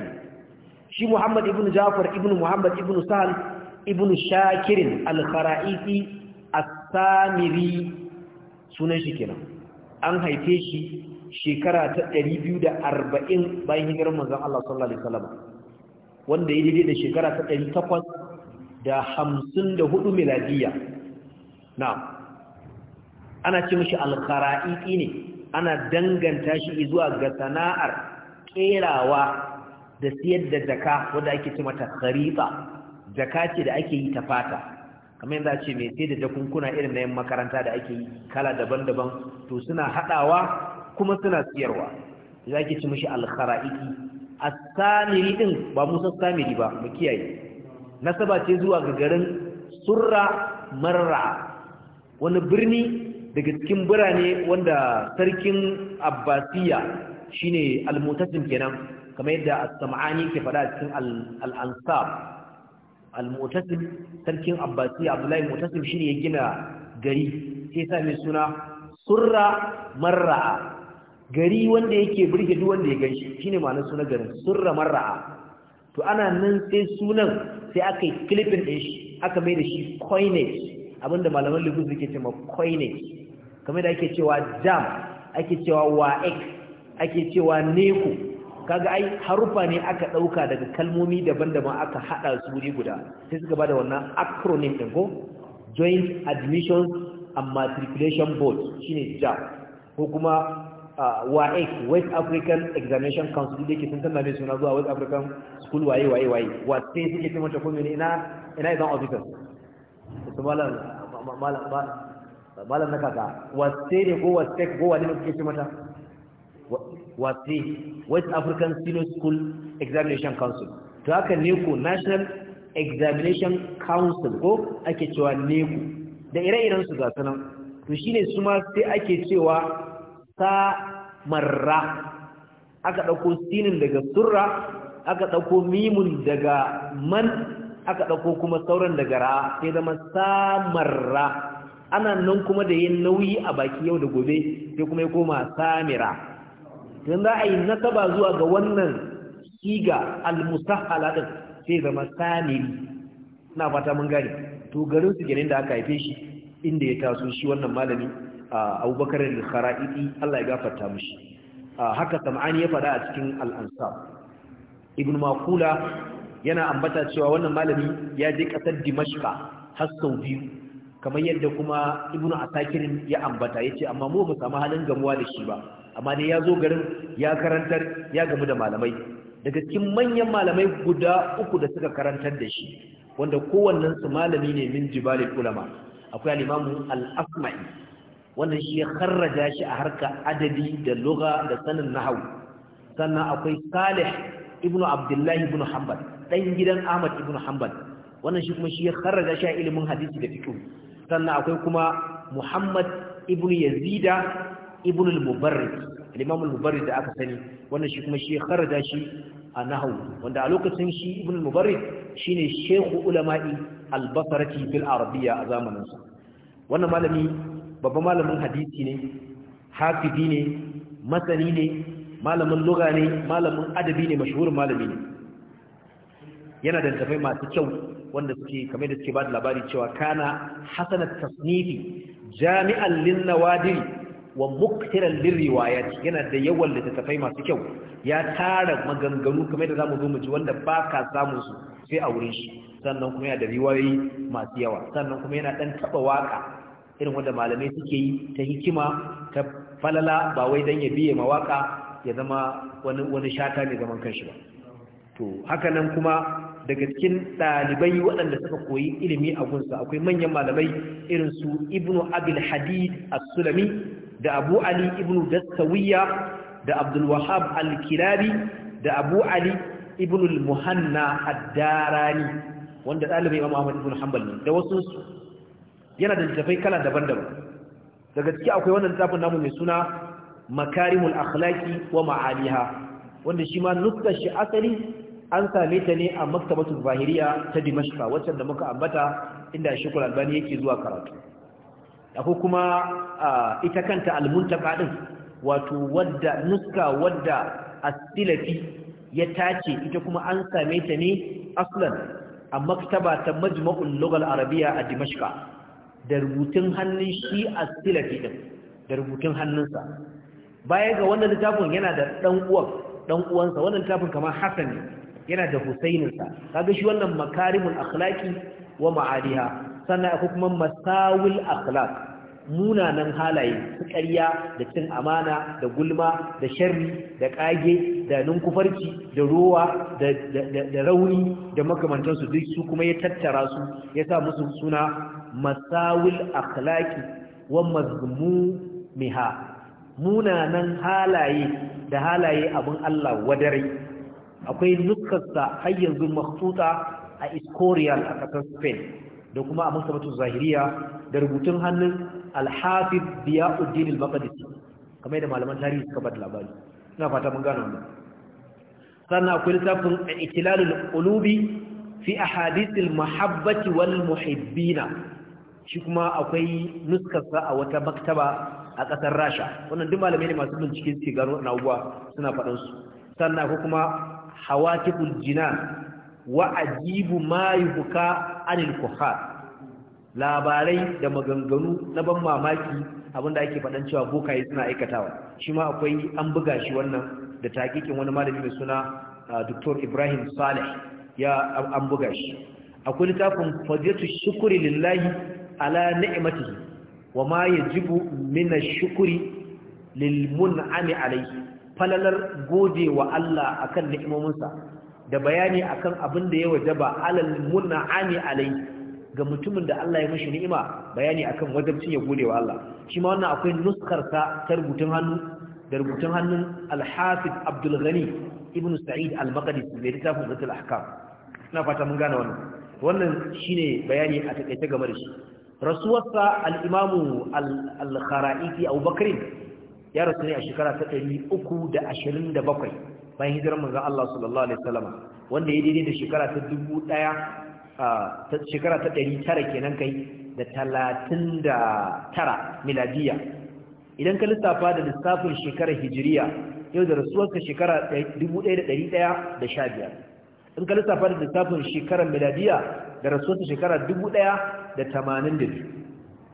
shi muhammad ibn ja'afar ibn muhammad ibn sahal ibn shakirin al-fara'idi as-samiri sunan shi kenan an haife shi shekara ta 240 bayan hijirar manzon Allah sallallahu alaihi wasallam wanda ya daidai da shekara ta ɗari takwas da hamsin da hudu miladiya na ana ce mashi alkara'iki ne ana danganta shi zuwa ga sana'ar ƙerawa da siyar da jaka wadda ake ce mata kharifa jaka ce da ake yi ta fata kamar yadda ce mai sai da jakunkuna irin na yin makaranta da ake yi kala daban-daban to suna haɗawa kuma suna siyarwa za ki ci mashi alkara'iki asamiri samiri din ba musa samiri ba mu kiyaye nasaba ce zuwa ga garin surra marra wani birni daga cikin birane wanda sarkin abbasiya shine al kenan kamar yadda as-sam'ani ke faɗa cikin al-ansab sarkin abbasiya abdullahi mutasim shine ya gina gari sai sa mai suna surra marra gari wanda yake burge duk wanda ya ganshi shine nan sunan garin surra marra'a to ana nan sai sunan sai aka yi clipping din shi aka mai da shi coinage abinda malaman lugus suke cewa coinage kamar da ake cewa jam ake cewa wa'ek ake cewa neko kaga ai harufa ne aka ɗauka daga kalmomi daban-daban aka haɗa su wuri guda sai suka da wannan acronym din ko joint admissions and matriculation board shine jam ko kuma WAEC West African Examination Council da ke sun canza mai suna zuwa West African School waye waye waye wace suke cimanta wata kuma ina ina izan officers su malam na kaka, wasu ne ko wace ko wani ne suke cimanta? Wasu wace West African Senior School Examination Council to haka ne National Examination Council ko ake cewa ne da ire-iren su ga sanan to shine su ma sai ake cewa sa marra aka ɗauko sinin daga surra aka ɗauko mimun daga man aka ɗauko kuma sauran daga ra sai zama samarra ana nan kuma da yin nauyi a baki yau da gobe sai kuma ya koma samira don za a yi nasaba zuwa ga wannan siga almusahala da sai zama samiri na fata mun gari to garin su da aka haife shi inda ya taso shi wannan malami abubakar al-khara'idi Allah ya gafarta mishi haka sam'ani ya faɗa a cikin al ibn Makula yana ambata cewa wannan malami ya je kasar dimashqa har sau biyu kamar yadda kuma ibn asakirin ya ambata ya ce, amma mu ba samu halin gamuwa da shi ba amma dai ya zo garin ya karantar ya gamu da malamai daga cikin manyan malamai guda uku da suka karantar da shi wanda kowannensu malami ne min jibalil ulama akwai al-imamu al-asma'i wannan shi ya kharraja shi a harka adadi da lugha da sanin nahwu sannan akwai Salih ibn Abdullahi ibn Hanbal dan gidan Ahmad Ibnu Hanbal wannan shi kuma shi ya kharraja shi a ilimin hadisi da fiqh sannan akwai kuma Muhammad Ibnu Yazida Ibnu al-Mubarrid al-Imam al-Mubarrid da aka sani wannan shi kuma shi ya kharraja shi a nahwu wanda a lokacin shi ibn al-Mubarrid shine shehu ulama'i al-Basrati bil Arabiyya a zamaninsa wannan malami babban malamin hadisi ne hafizi ne masani ne malamin lugha ne malamin adabi ne mashhurin malami ne yana da tafai masu kyau wanda suke kamar da suke ba da labari cewa kana hasanat tasnifi jami'an lin nawadiri wa muktiran lin riwayat yana da yawan littattafai masu kyau ya tara maganganu kamar da zamu zo mu ji wanda ba ka samu su sai a wurin shi sannan kuma yana da riwayoyi masu yawa sannan kuma yana dan taba waka irin wanda malamai suke yi ta hikima ta falala ba wai dan ya biye mawaka ya zama wani shata ne zaman kanshi ba to haka nan kuma daga cikin ɗalibai waɗanda suka koyi ilimi a gunsa akwai manyan malamai irin su ibnu abil hadid as-sulami da abu ali ibnu dastawiya da abdul wahab al-kilabi da abu ali ibnu al-muhanna ad-darani wanda ɗalibai imam ahmad ibn hanbal ne da wasu yana da littafai kala daban-daban daga ciki akwai wannan littafin namu mai suna makarimul akhlaqi wa ma'aliha wanda shi ma nuskar shi asali an same ta ne a maktabatul zahiriya ta dimashqa wacce da muka ambata inda shukul albani yake zuwa karatu akwai kuma ita kanta al-muntaqa din wato wadda nuska wadda as-silafi ya tace ita kuma an same ta ne aslan a maktaba ta majma'ul lughal arabiyya a dimashqa da rubutun hannun shi a silafi ɗin da rubutun hannunsa baya ga wannan littafin yana da ɗan uwan wannan littafin kamar hassan ne yana da husaininsa ga shi wannan makarimul akhlaki wa ma'aliha sannan akwai kuma masawil akhlaki munanan halaye su ƙarya da cin amana da gulma da sharri da ƙage da ninkufarci da rowa da rauni da makamantarsu duk su kuma ya tattara su ya sa musu suna masawil akhlaki wa miha munanan halaye da halaye abin Allah wadare akwai nukasta har yanzu makhtuta a Escorial a ƙasar Spain da kuma a masabatu zahiriya da rubutun hannun alhafiz biya'uddin al-maqdisi kamar da malaman tarihi suka bada labari ina fata mun gano wannan sannan akwai littafin ikilalul qulubi fi ahadithil mahabbati wal muhibbina shi kuma akwai nuskarsa a wata maktaba a ƙasar rasha wannan duk malamai ne masu bincike suke gano na uwa suna faɗin su sannan ko kuma hawatiful jinan wa ajibu ma yuhka anil kuhar labarai da maganganu na ban mamaki abinda ake faɗan cewa bokaye suna aikatawa shi ma akwai an buga shi wannan da takikin wani malami mai suna ah, Dr. Ibrahim Saleh ya an buga shi akwai littafin fadiyatu shukuri lillahi ala ni'matihi wa ma yajibu min ash-shukri lil mun'ami alayhi falalar gode wa Allah akan ni'imominsa da bayani akan abin da ya wajaba alal mun'ami alayhi ga mutumin da Allah ya mashi ni'ima bayani akan wajabcin ya gode wa Allah shi ma wannan akwai nuskar ta rubutun hannu da rubutun hannun al-Hafiz Abdul Ghani Ibn Sa'id al maqdis da littafin Zatul Ahkam ina fata mun gane wannan wannan shine bayani a takaice game da shi rasuwarsa al-Imam al-Kharaiti Abu Bakr ya rasu ne a shekara ta 327 bayan hijirar manzon Allah sallallahu alaihi wasallam wanda ya daidai da shekara ta 1000 shekara ta ɗari tara kenan kai da talatin da tara miladiya idan ka lissafa da lissafin shekarar hijiriya yau da rasuwarka shekara dubu ɗaya da ɗari ɗaya da sha biyar in ka lissafa da lissafin shekarar miladiya da rasuwarka shekara dubu ɗaya da tamanin da biyu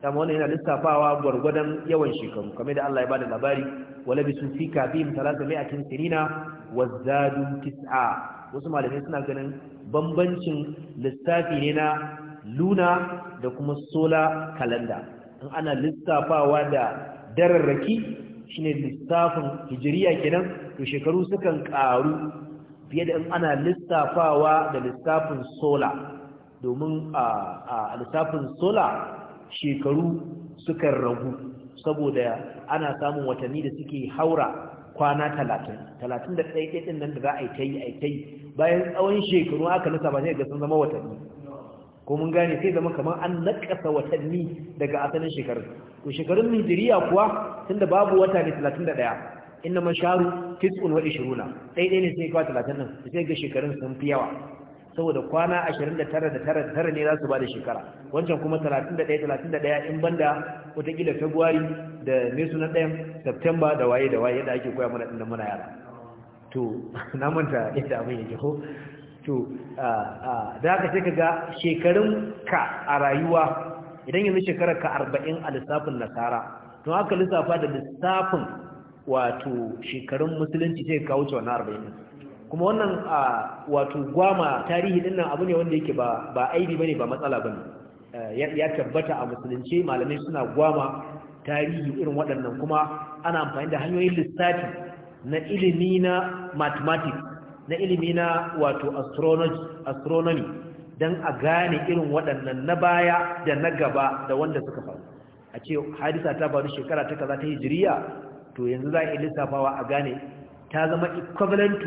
dama wannan yana lissafawa gwargwadon yawan shekaru kamar da Allah ya bada labari wala bisu fi kafihim talata mi'atin sinina wa zadu tis'a wasu malamai suna ganin bambancin lissafi ne na luna da kuma sola kalanda. in ana lissafawa da dararraki shi ne lissafin hijiriya kenan to shekaru sukan karu fiye da in ana lissafawa da lissafin sola, domin a lissafin sola shekaru sukan ragu saboda ana samun watanni da suke haura kwana talatin talatin da ɗaya ɗin nan da za a yi ta yi a yi ta yi bayan tsawon shekaru aka nasa ba sai ga sun zama watanni ko mun gane sai zama kamar an naƙasa watanni daga asalin shekarun to shekarun hijiriya kuwa da babu wata ne talatin da ɗaya inna man sharu tis'un wa ishiruna ɗaiɗai ne sai kawai talatin nan sai ga shekarun sun fi yawa saboda kwana ashirin da tara da tara da tara ne za su ba da shekara wancan kuma talatin da ɗaya talatin da ɗaya in banda watakila February. da me sunan ɗayan september da waye da waye da ake koya mana ɗin muna yara to na manta yadda abin yake ho to da aka ce ka ga shekarun ka a rayuwa idan yanzu shekarar ka arba'in a lissafin nasara to haka lissafa da lissafin wato shekarun musulunci sai ka wuce wannan arba'in kuma wannan wato gwama tarihi dinnan abu ne wanda yake ba aibi bane ba matsala ne. Eh, ya tabbata a musulunci malamai suna gwama tarihi irin waɗannan kuma ana amfani da hanyoyin lissafi na ilimi na mathematics na ilimi na wato astronomy don a gane irin waɗannan na baya da na gaba da wanda suka faru a ce hadisa ta faru shekara ta kaza ta hijiriya to yanzu za a iya lissafawa a gane ta zama equivalent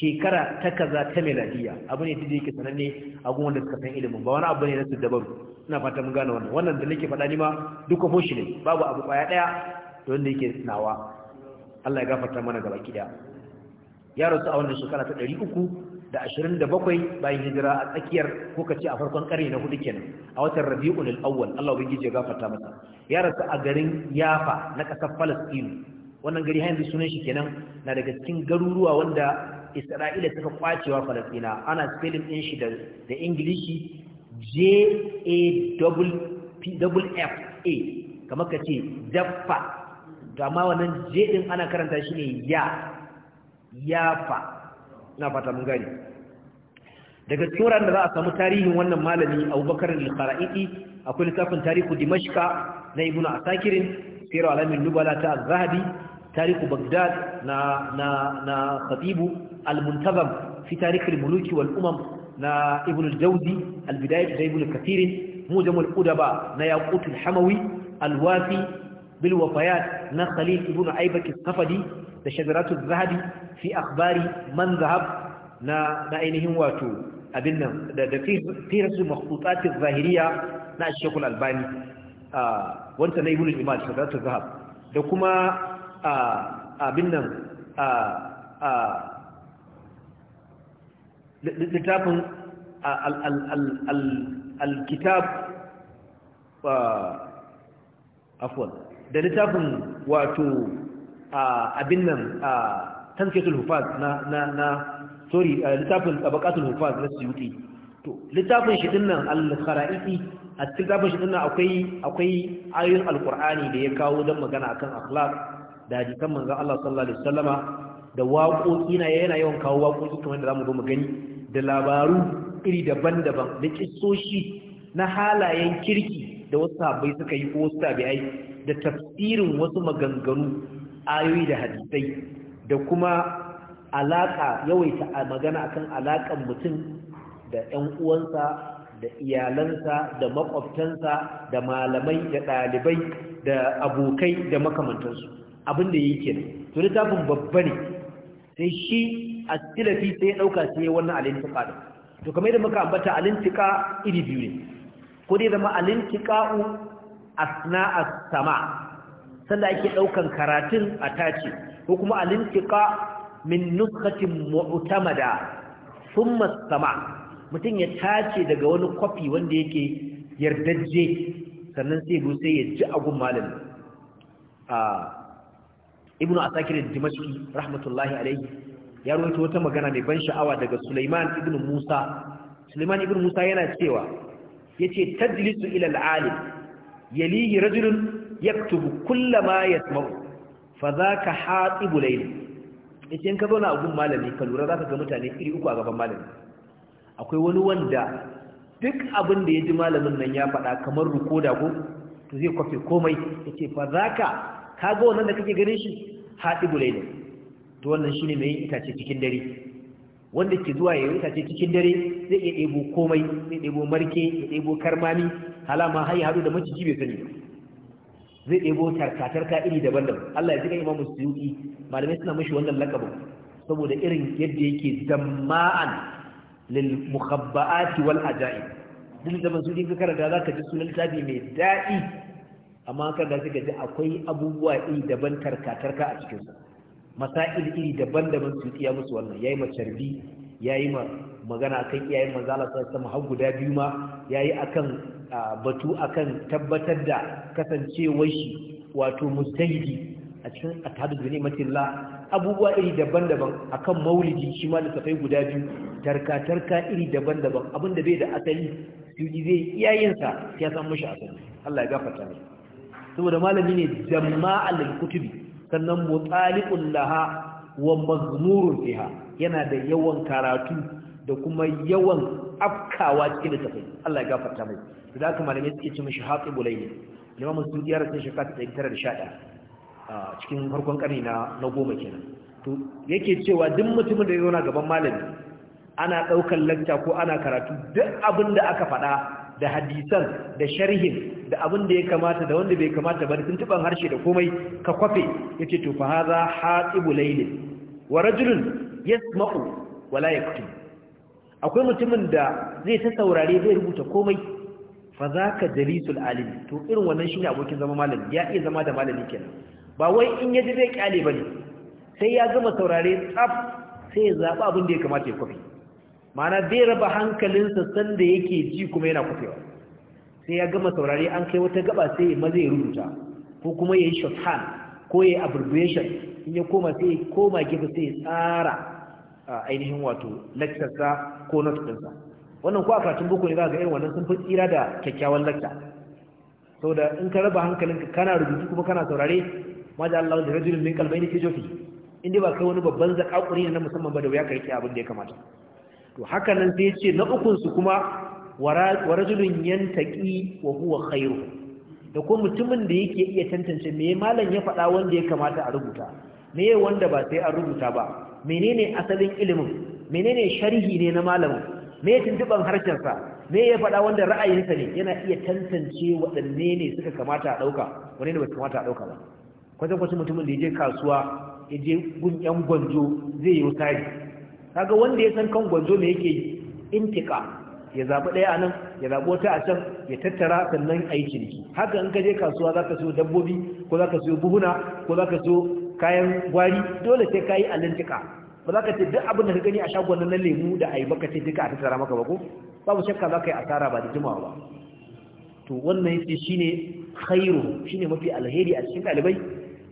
shekara ta kaza ta meladiya abu ne da yake sananne a gun wanda suka san ilimin ba wani abu ne na su dabaru ina fata mun gane wannan wannan da nake faɗa ni ma duka hoshi ne babu abu kwaya ɗaya da wanda yake nawa Allah ya gafarta mana gaba ki ya rasu a wannan shekara ta ɗari uku da ashirin da bakwai bayan hijira a tsakiyar kuka ce a farkon ƙarni na hudu kenan a watan rabi'ul awwal Allah ubangiji ya gafarta masa ya rasu a garin Yafa na ƙasar Palestine wannan gari yanzu sunan shi kenan na daga cikin garuruwa wanda isra'ila suka kwacewa falasina ana spelling din shi da ingilishi j a w f a kamar ka ce jaffa amma wannan j din ana karanta shi ne ya yafa na fata mun gani daga tsoron da za a samu tarihin wannan malami abubakar al-khara'iqi akwai littafin tarihu dimashka na ibnu asakirin sirru alamin nubala ta az-zahabi tariku bagdad na na na khatibu al-muntazam fi tarikh al-muluk wal umam na ibn al-jawzi al-bidayah da ibn kathir mujam al-udaba na yaqut al-hamawi al-wafi bil wafayat na khalil ibn aybak al-safadi da shajaratu al-zahabi fi akhbari man zahab na na ainihin wato abin da fi rasul al-zahiriya na shaykh al-albani wanta na ibn al-imam al-zahab da kuma abin nan littafin alkitab afon da littafin wato abin nan tanketul hufaz na sorry littafin tabaqatul hufaz na suyuti to littafin shi dinnan al-kharaiti a littafin shi dinnan akwai ayyun ayoyin alqur'ani da ya kawo don magana akan akhlaq da hadisan manzon Allah sallallahu alaihi wasallama da waƙoƙi na yana yawan kawo waƙoƙi kamar da zamu zo mu gani da labaru iri daban-daban da kissoshi na halayen kirki da wasu sabai suka yi ko wasu tabi'ai da tafsirin wasu maganganu ayoyi da hadisai da kuma alaƙa yawaita a magana akan alaƙan mutum da 'yan uwansa da iyalansa da makwabtansa da malamai da ɗalibai da abokai da makamantansu abin da ya yi to littafin babba ne sai shi a tilafi sai ya ɗauka sai wannan alintika ɗin to kamar yadda muka ambata alintika iri biyu ne ko dai zama alintika'u asna as-sama sanda ake ɗaukan karatun a tace ko kuma alintika min nuskatin mu'tamada thumma sama mutum ya tace daga wani kwafi wanda yake yardajje sannan sai go sai ya ji agun malamin a ah, ibnu asakir dimashki rahmatullahi alaihi. ya rawaito wata magana mai ban sha'awa daga Sulaiman ibnu Musa Sulaiman ibnu Musa yana cewa yace tajlisu ila al-alim yalihi rajulun yaktubu kullama yasma'u fadhaka hatibu layl yace in ka zauna a gun malami ka lura zaka ga mutane iri uku a gaban malami akwai wani wanda duk abin da ji malamin nan ya faɗa kamar da ko to zai kwafe komai yace fadhaka kaga wannan da kake ganin shi haɗi bulai ne to wannan shine mai itace cikin dare wanda ke zuwa yayin itace cikin dare zai iya ɗebo komai zai ɗebo marke ya ɗebo karmami halama har ya haɗu da maciji bai sani zai ɗebo tarka-tarka iri daban-daban Allah ya ji kan Imam Suyuti malamai suna mishi wannan lakabin saboda irin yadda yake zama'an, lil mukhabba'ati wal aja'i duk da ban su ka karanta zaka ji sunan littafi mai daɗi amma kan da suka ji akwai abubuwa iri daban tarka-tarka a cikinsu masa'il iri daban-daban su iya musu wannan yayi ma carbi yayi ma magana akan iyayen manzo Allah sallallahu har guda biyu ma yayi akan batu akan tabbatar da kasancewar shi wato mustahidi a cikin atadu bi ni'matillah abubuwa iri daban-daban akan maulidi shi ma littafai guda biyu tarkatarka tarka iri daban-daban abinda bai da asali su zai iyayensa ya san mashi asali Allah ya gafarta mai saboda malami ne jama'al kutubi sannan mutaliqun laha wa mazmurun fiha yana da yawan karatu da kuma yawan afkawa cikin tafai. Allah ya gafarta mai da haka malami suke ci mishi haqibul layl Imam Sudi ya rasu shaka ta shada a cikin farkon karni na na goma kenan to yake cewa duk mutumin da ya na gaban malami ana daukar lacca ko ana karatu duk abin da aka faɗa da hadisan da sharhin da abin da ya kamata da wanda bai kamata ba da tuban harshe da komai ka kwafe yace to fa hadha hatibu laylin wa rajulun yasma'u wala yaktub akwai mutumin da zai ta saurare zai rubuta komai fa zaka jalisul alim to irin wannan shine abokin zama malami ya iya zama da malami kenan ba wai in yaji zai kyale bane sai ya gama saurare tsaf sai ya zaba abin da ya kamata ya kwafe ma'ana zai raba hankalinsa sanda yake ji kuma yana kufewa sai ya gama saurari an kai wata gaba sai ya maza ya rubuta ko kuma ya yi shorthand ko ya yi abbreviation in ya koma sai ya koma gefe sai ya tsara ainihin wato lakcarsa ko na notuɗinsa wannan ko a karatun boko ne za ga irin wannan sun fi tsira da kyakkyawan lakta da in ka raba hankalin ka kana rubutu kuma kana saurare ma da Allah da rajulun min ne ke jofi inda ba kai wani babban zakakuri ne na musamman ba da wuya ka rike abin da ya kamata to haka nan sai ce na ukunsu kuma wa rajulun yantaki wa huwa khairu da kuma mutumin da yake iya tantance me malam ya faɗa wanda ya kamata a rubuta me wanda ba sai an rubuta ba menene asalin ilimin menene sharhi ne na malamin me tuntuban harshen sa me ya faɗa wanda ra'ayinsa ne yana iya tantance waɗanne ne suka kamata a ɗauka wani ne ba su kamata a ɗauka ba kwatan mutumin da ya je kasuwa ya je gun yan gwanjo zai yi wuta kaga wanda ya san kan gwanzo me yake yi intika ya zaɓi ɗaya anan, ya zaɓi wata a can ya tattara sannan a yi ciniki haka in ka je kasuwa za ka siyo dabbobi ko za ka siyo buhuna ko za ka siyo kayan gwari dole sai ka yi alintika ba za ka ce duk abin da ka gani a shagon na lemu da ayi baka ce duka a tattara maka ba ko babu shakka za ka yi asara ba da jimawa ba to wannan yace shine khairu shine mafi alheri a cikin ɗalibai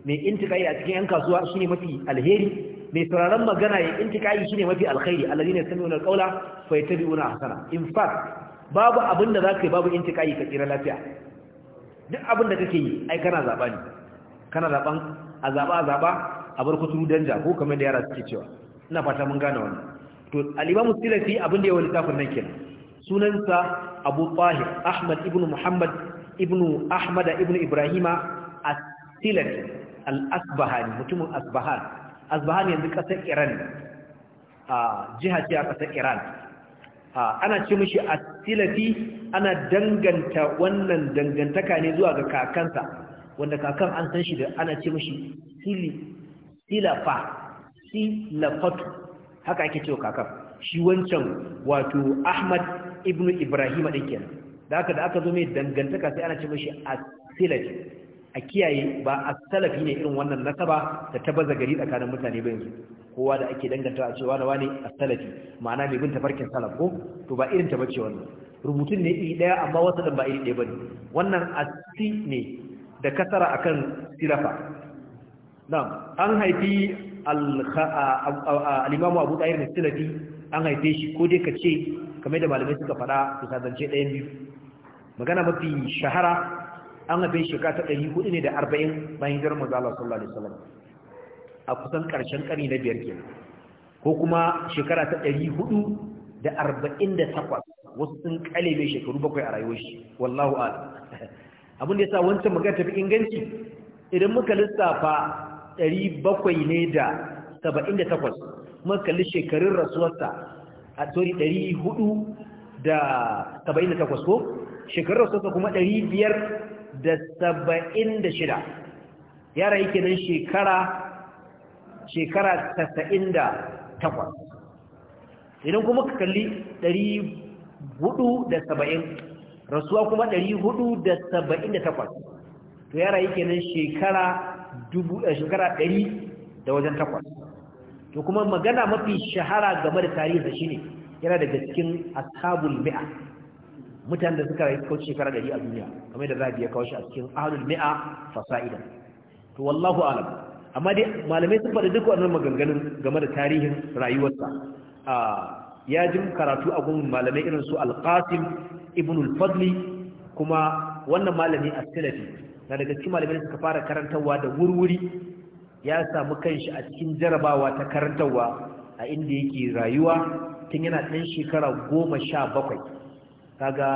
mai intikai a cikin yan kasuwa shine mafi alheri mai sauraron magana ya intikai shine mafi alkhairi alladhina yastami'una alqawla fa yattabi'una ahsana in fact babu abin da zaka yi babu intikai ka kira lafiya duk abin da kake yi ai kana zaba ne kana zaban a zaba a zaba a bar kuturu danja ko kamar da yara suke cewa ina fata mun gane wannan to al-imam silafi abin da ya wani tafin nan kenan sunansa abu tahir ahmad ibnu muhammad ibnu ahmad ibnu ibrahima as-silafi al-asbahani mutumin asbahan asbahan yanzu ƙasar iran a jiha ce a ƙasar iran ana ce a silafi. ana danganta wannan dangantaka ne zuwa ga kakansa wanda kakan an san shi da ana ce mishi silafa silafatu haka ake cewa kakan shi wancan wato ahmad ibn ibrahim ɗin kenan da aka da aka zo mai dangantaka sai ana ce a silafi. a kiyaye ba a salafi ne irin wannan nasaba da ta baza gari tsakanin mutane ba yanzu kowa da ake danganta a cewa nawa ne a salafi ma'ana mai bin tafarkin salaf ko to ba irin ta bace wannan rubutun ne iri daya amma wasu ba iri daya bane wannan asi ne da kasara akan sirafa na'am an haifi al-imamu Abu Tahir ne salafi an haife shi ko dai ka ce kamar da malamai suka faɗa kusa zance ɗayan biyu magana mafi shahara an abe shekara ta ɗari hudu ne da arba'in bayan hijirar manzo sallallahu alaihi wasallam a kusan ƙarshen ƙarni na biyar kenan ko kuma shekara ta ɗari hudu da arba'in da takwas wasu sun kale mai shekaru bakwai a rayuwar shi wallahu ala abin da ya sa wancan magana tafi inganci idan muka lissafa ɗari bakwai ne da saba'in da takwas muka kalli shekarun rasuwarsa a tori ɗari hudu da saba'in da takwas ko shekarun rasuwarsa kuma ɗari biyar da saba'in da shida ya rayu nan shekara shekara tasa'in da takwas idan kuma ka kalli ɗari hudu da saba'in rasuwa kuma ɗari hudu da saba'in da takwas to ya rayu nan shekara dubu eh, shekara ɗari da wajen takwas to kuma magana mafi shahara game da tarihi shine yana daga cikin ashabul mi'a mutanen da suka rayu kawai shekara gari a duniya kamar da a ya kawo shi a cikin ahlul mi'a fasa'ida to wallahu alam amma dai malamai sun faɗi duk wannan maganganun game da tarihin rayuwarsa a ya jin karatu a gun malamai irin su alqasim ibn al-fadli kuma wannan malami a salafi na daga cikin malamai suka fara karantarwa da wurwuri ya samu kanshi a cikin jarabawa ta karantarwa a inda yake rayuwa tun yana ɗan shekara goma sha bakwai kaga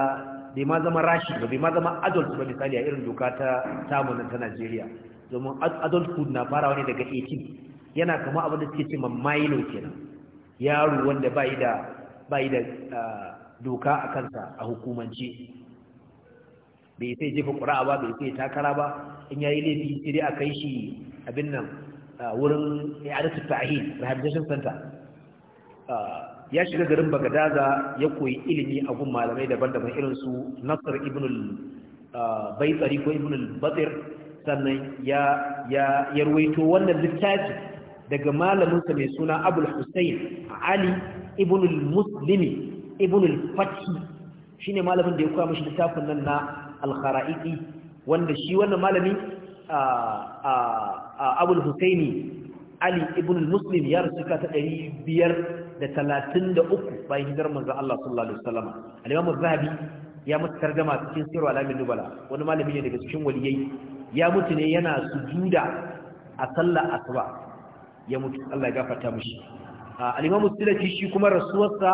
bai ma zama rashi ba bai ma zama adult ba misali a irin doka ta tamunan ta Najeriya domin adulthood na farawa ne daga 18 yana kama abin da suke ce ma kenan yaro wanda bai da bai da doka a kansa a hukumance bai sai jefa ƙura'a ba bai sai takara ba in ya yi laifi sai a kai shi abin nan wurin ya'adatu ta'hid rehabilitation center ya shiga garin bagadaza ya koyi ilimi a gun malamai daban-daban irin su nasar ibn ah, baitsari ko ibn batsir sannan ya ruwaito wannan littafi daga malaminsa mai suna abul husayn ali ibn muslimi ibn al shine malamin da ya koya mishi littafin nan na al wanda shi wannan malami ah, ah, abul husaini ali ibn muslim ya rasu ta ɗari biyar da talatin da uku bayan hijirar manzo Allah sallallahu alaihi wasallam al-Imam zahabi ya mutu tarjama cikin sirru alamin nubala wani malami ne daga cikin waliyai ya mutu ne yana sujuda a sallar asuba ya mutu Allah ya gafarta mishi ah, al-Imam Sulafi shi kuma rasuwarsa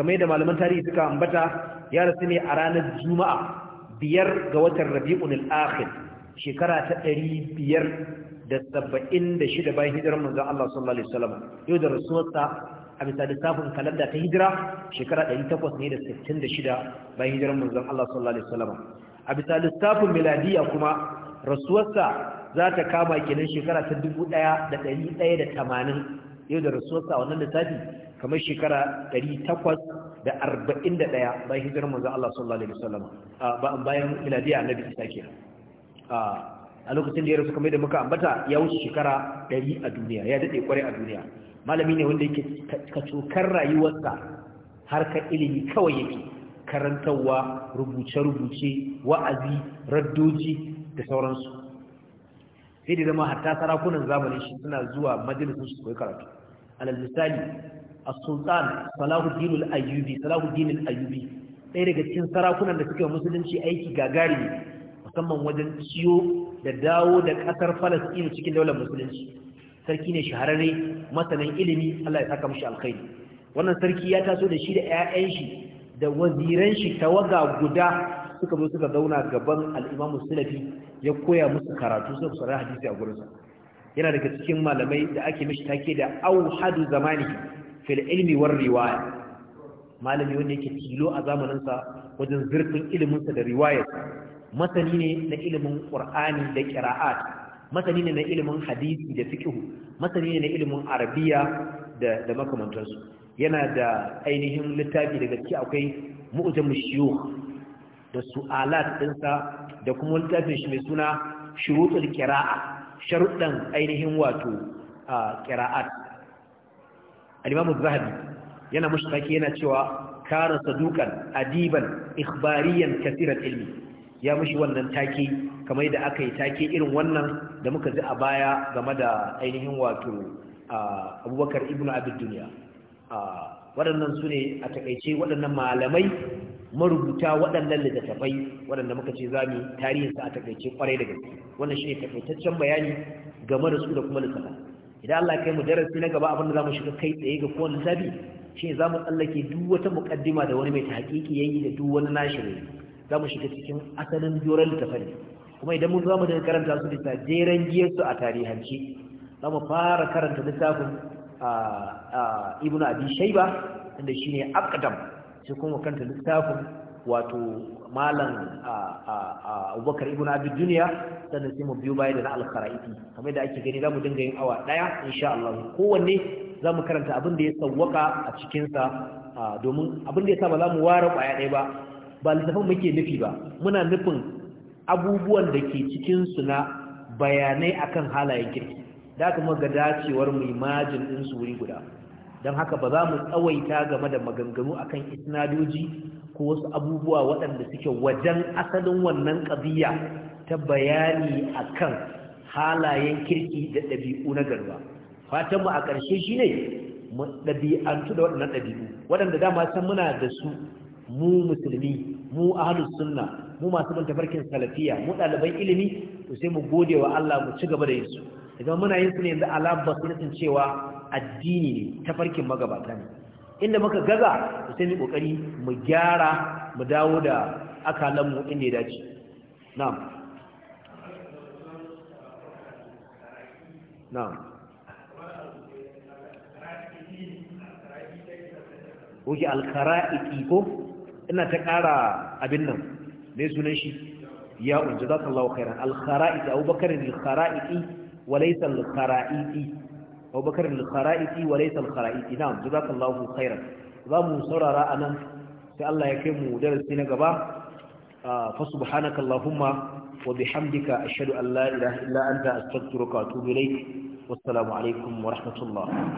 kamar yadda malaman tarihi suka ambata ya rasu ne a ranar Juma'a biyar ga watan Rabiul Akhir shekara ta ɗari biyar da saba'in da shida bayan hijirar manzan Allah sallallahu Alaihi wasallam yau da rasuwarsa a bisa lissafin kalanda ta hijira shekara 866 bayan hijirar manzon Allah sallallahu alaihi wasallam a bisa lissafin miladiya kuma rasuwarsa za ta kama kenan shekara ta 1180 yau da rasuwarsa wannan lissafi kamar shekara 841 bayan hijirar manzon Allah sallallahu alaihi wasallam bayan miladiya annabi Isa kenan a lokacin da ya rasu kamar da muka ambata ya wuce shekara 100 a duniya ya dade kware a duniya malami ne wanda yake ka tsokar rayuwarsa harkar ilimi kawai yake karantarwa rubuce-rubuce wa'azi raddoji da sauransu sai da zama hatta sarakunan zamani shi suna zuwa majalisun su koyi karatu alal misali as-sultan salahuddin al-ayyubi salahuddin al-ayyubi ɗaya daga cikin sarakunan da suke musulunci aiki gagari musamman wajen ciyo da dawo da ƙasar falasɗin cikin daular musulunci sarki ne shahararre masanin ilimi Allah ya saka mishi alkhairi wannan sarki ya taso da shi da ƴaƴan shi da waziran shi tawaga guda suka zo suka zauna gaban al-Imam Sulafi ya koya musu karatu suka sarar hadisi a gurinsa yana daga cikin malamai da ake mishi take da hadu zamani fil ilmi war riwaya malami wanda yake tilo a zamaninsa wajen zurfin iliminsa da riwayar. masani ne na ilimin qur'ani da qira'at masani ne na ilimin hadisi da fikihu masani ne na ilimin arabiya da da makamantansu yana da ainihin littafi daga ciki akwai mu'jamu shuyukh da su'alat dinsa da kuma littafin shi mai suna shurutul qira'a sharuɗan ainihin wato qira'at al-imam az-zahabi yana mushtaki yana cewa kana sadukan adiban ikhbariyan kasiran ilmi ya mushi wannan take kamar da aka yi take irin wannan da muka ji a baya game da ainihin wato abubakar ibn abid duniya waɗannan su ne a takaice waɗannan malamai marubuta waɗannan littattafai waɗanda muka ce za mu tarihinsa a takaice kwarai da gaske wannan shi ne takaitaccen bayani game da su da kuma littattafai idan Allah kai mu darasi na gaba abin da za mu shiga kai tsaye ga kowane littafi shi za mu tsallake duk wata muƙaddima da wani mai tahaƙiƙi yi da duk wani nashi ne za mu shiga cikin asalin joran littattafai kuma idan mun zama da karanta su bisa jeren giyarsu a tarihance za mu fara karanta littafin ibn abi shaiba inda shi ne akadam sai kuma karanta littafin wato malam abubakar ibn abi duniya sannan sai mu biyo bayan da na alkhara'iti kamar da ake gani za mu dinga yin awa ɗaya insha Allah kowanne za mu karanta abin da ya sawwaka a cikinsa domin abin da ya sa ba za mu ware ƙwaya ɗaya ba ba littafin muke nufi ba muna nufin abubuwan da ke cikinsu na bayanai akan halayen kirki da kuma ga dacewar mu imajin din su wuri guda don haka ba za mu tsawaita game da maganganu akan isnadoji ko wasu abubuwa waɗanda suke wajen asalin wannan ƙabiya ta bayani akan halayen kirki da ɗabi'u na garba fatan mu a ƙarshe shine mu ɗabi'antu da waɗannan ɗabi'u waɗanda dama san muna da su mu musulmi mu ahlus sunna mu masu bin tafarkin salafiya mu ɗaliban ilimi to sai mu gode wa Allah mu ci gaba da yin su idan muna yin su ne yanzu ala basiratin cewa addini ne tafarkin magabata ne inda muka gaza to sai mu kokari mu gyara mu dawo da akalan mu inda ya dace na'am na'am Oke alkara'iki ko ina ta ƙara abin nan ne sunan shi ya unji za ka lau kairan alkhara'iƙi abubakar alkhara'iƙi walaisa alkhara'iƙi abubakar alkhara'iƙi walaisa alkhara'iƙi na unji za ka lau kairan za mu saurara a nan sai Allah ya kai mu darasi na gaba ah, fa subhanaka allahumma wa bihamdika ashhadu an la ilaha illa anta astaghfiruka wa atubu ilayk wassalamu alaikum wa rahmatullah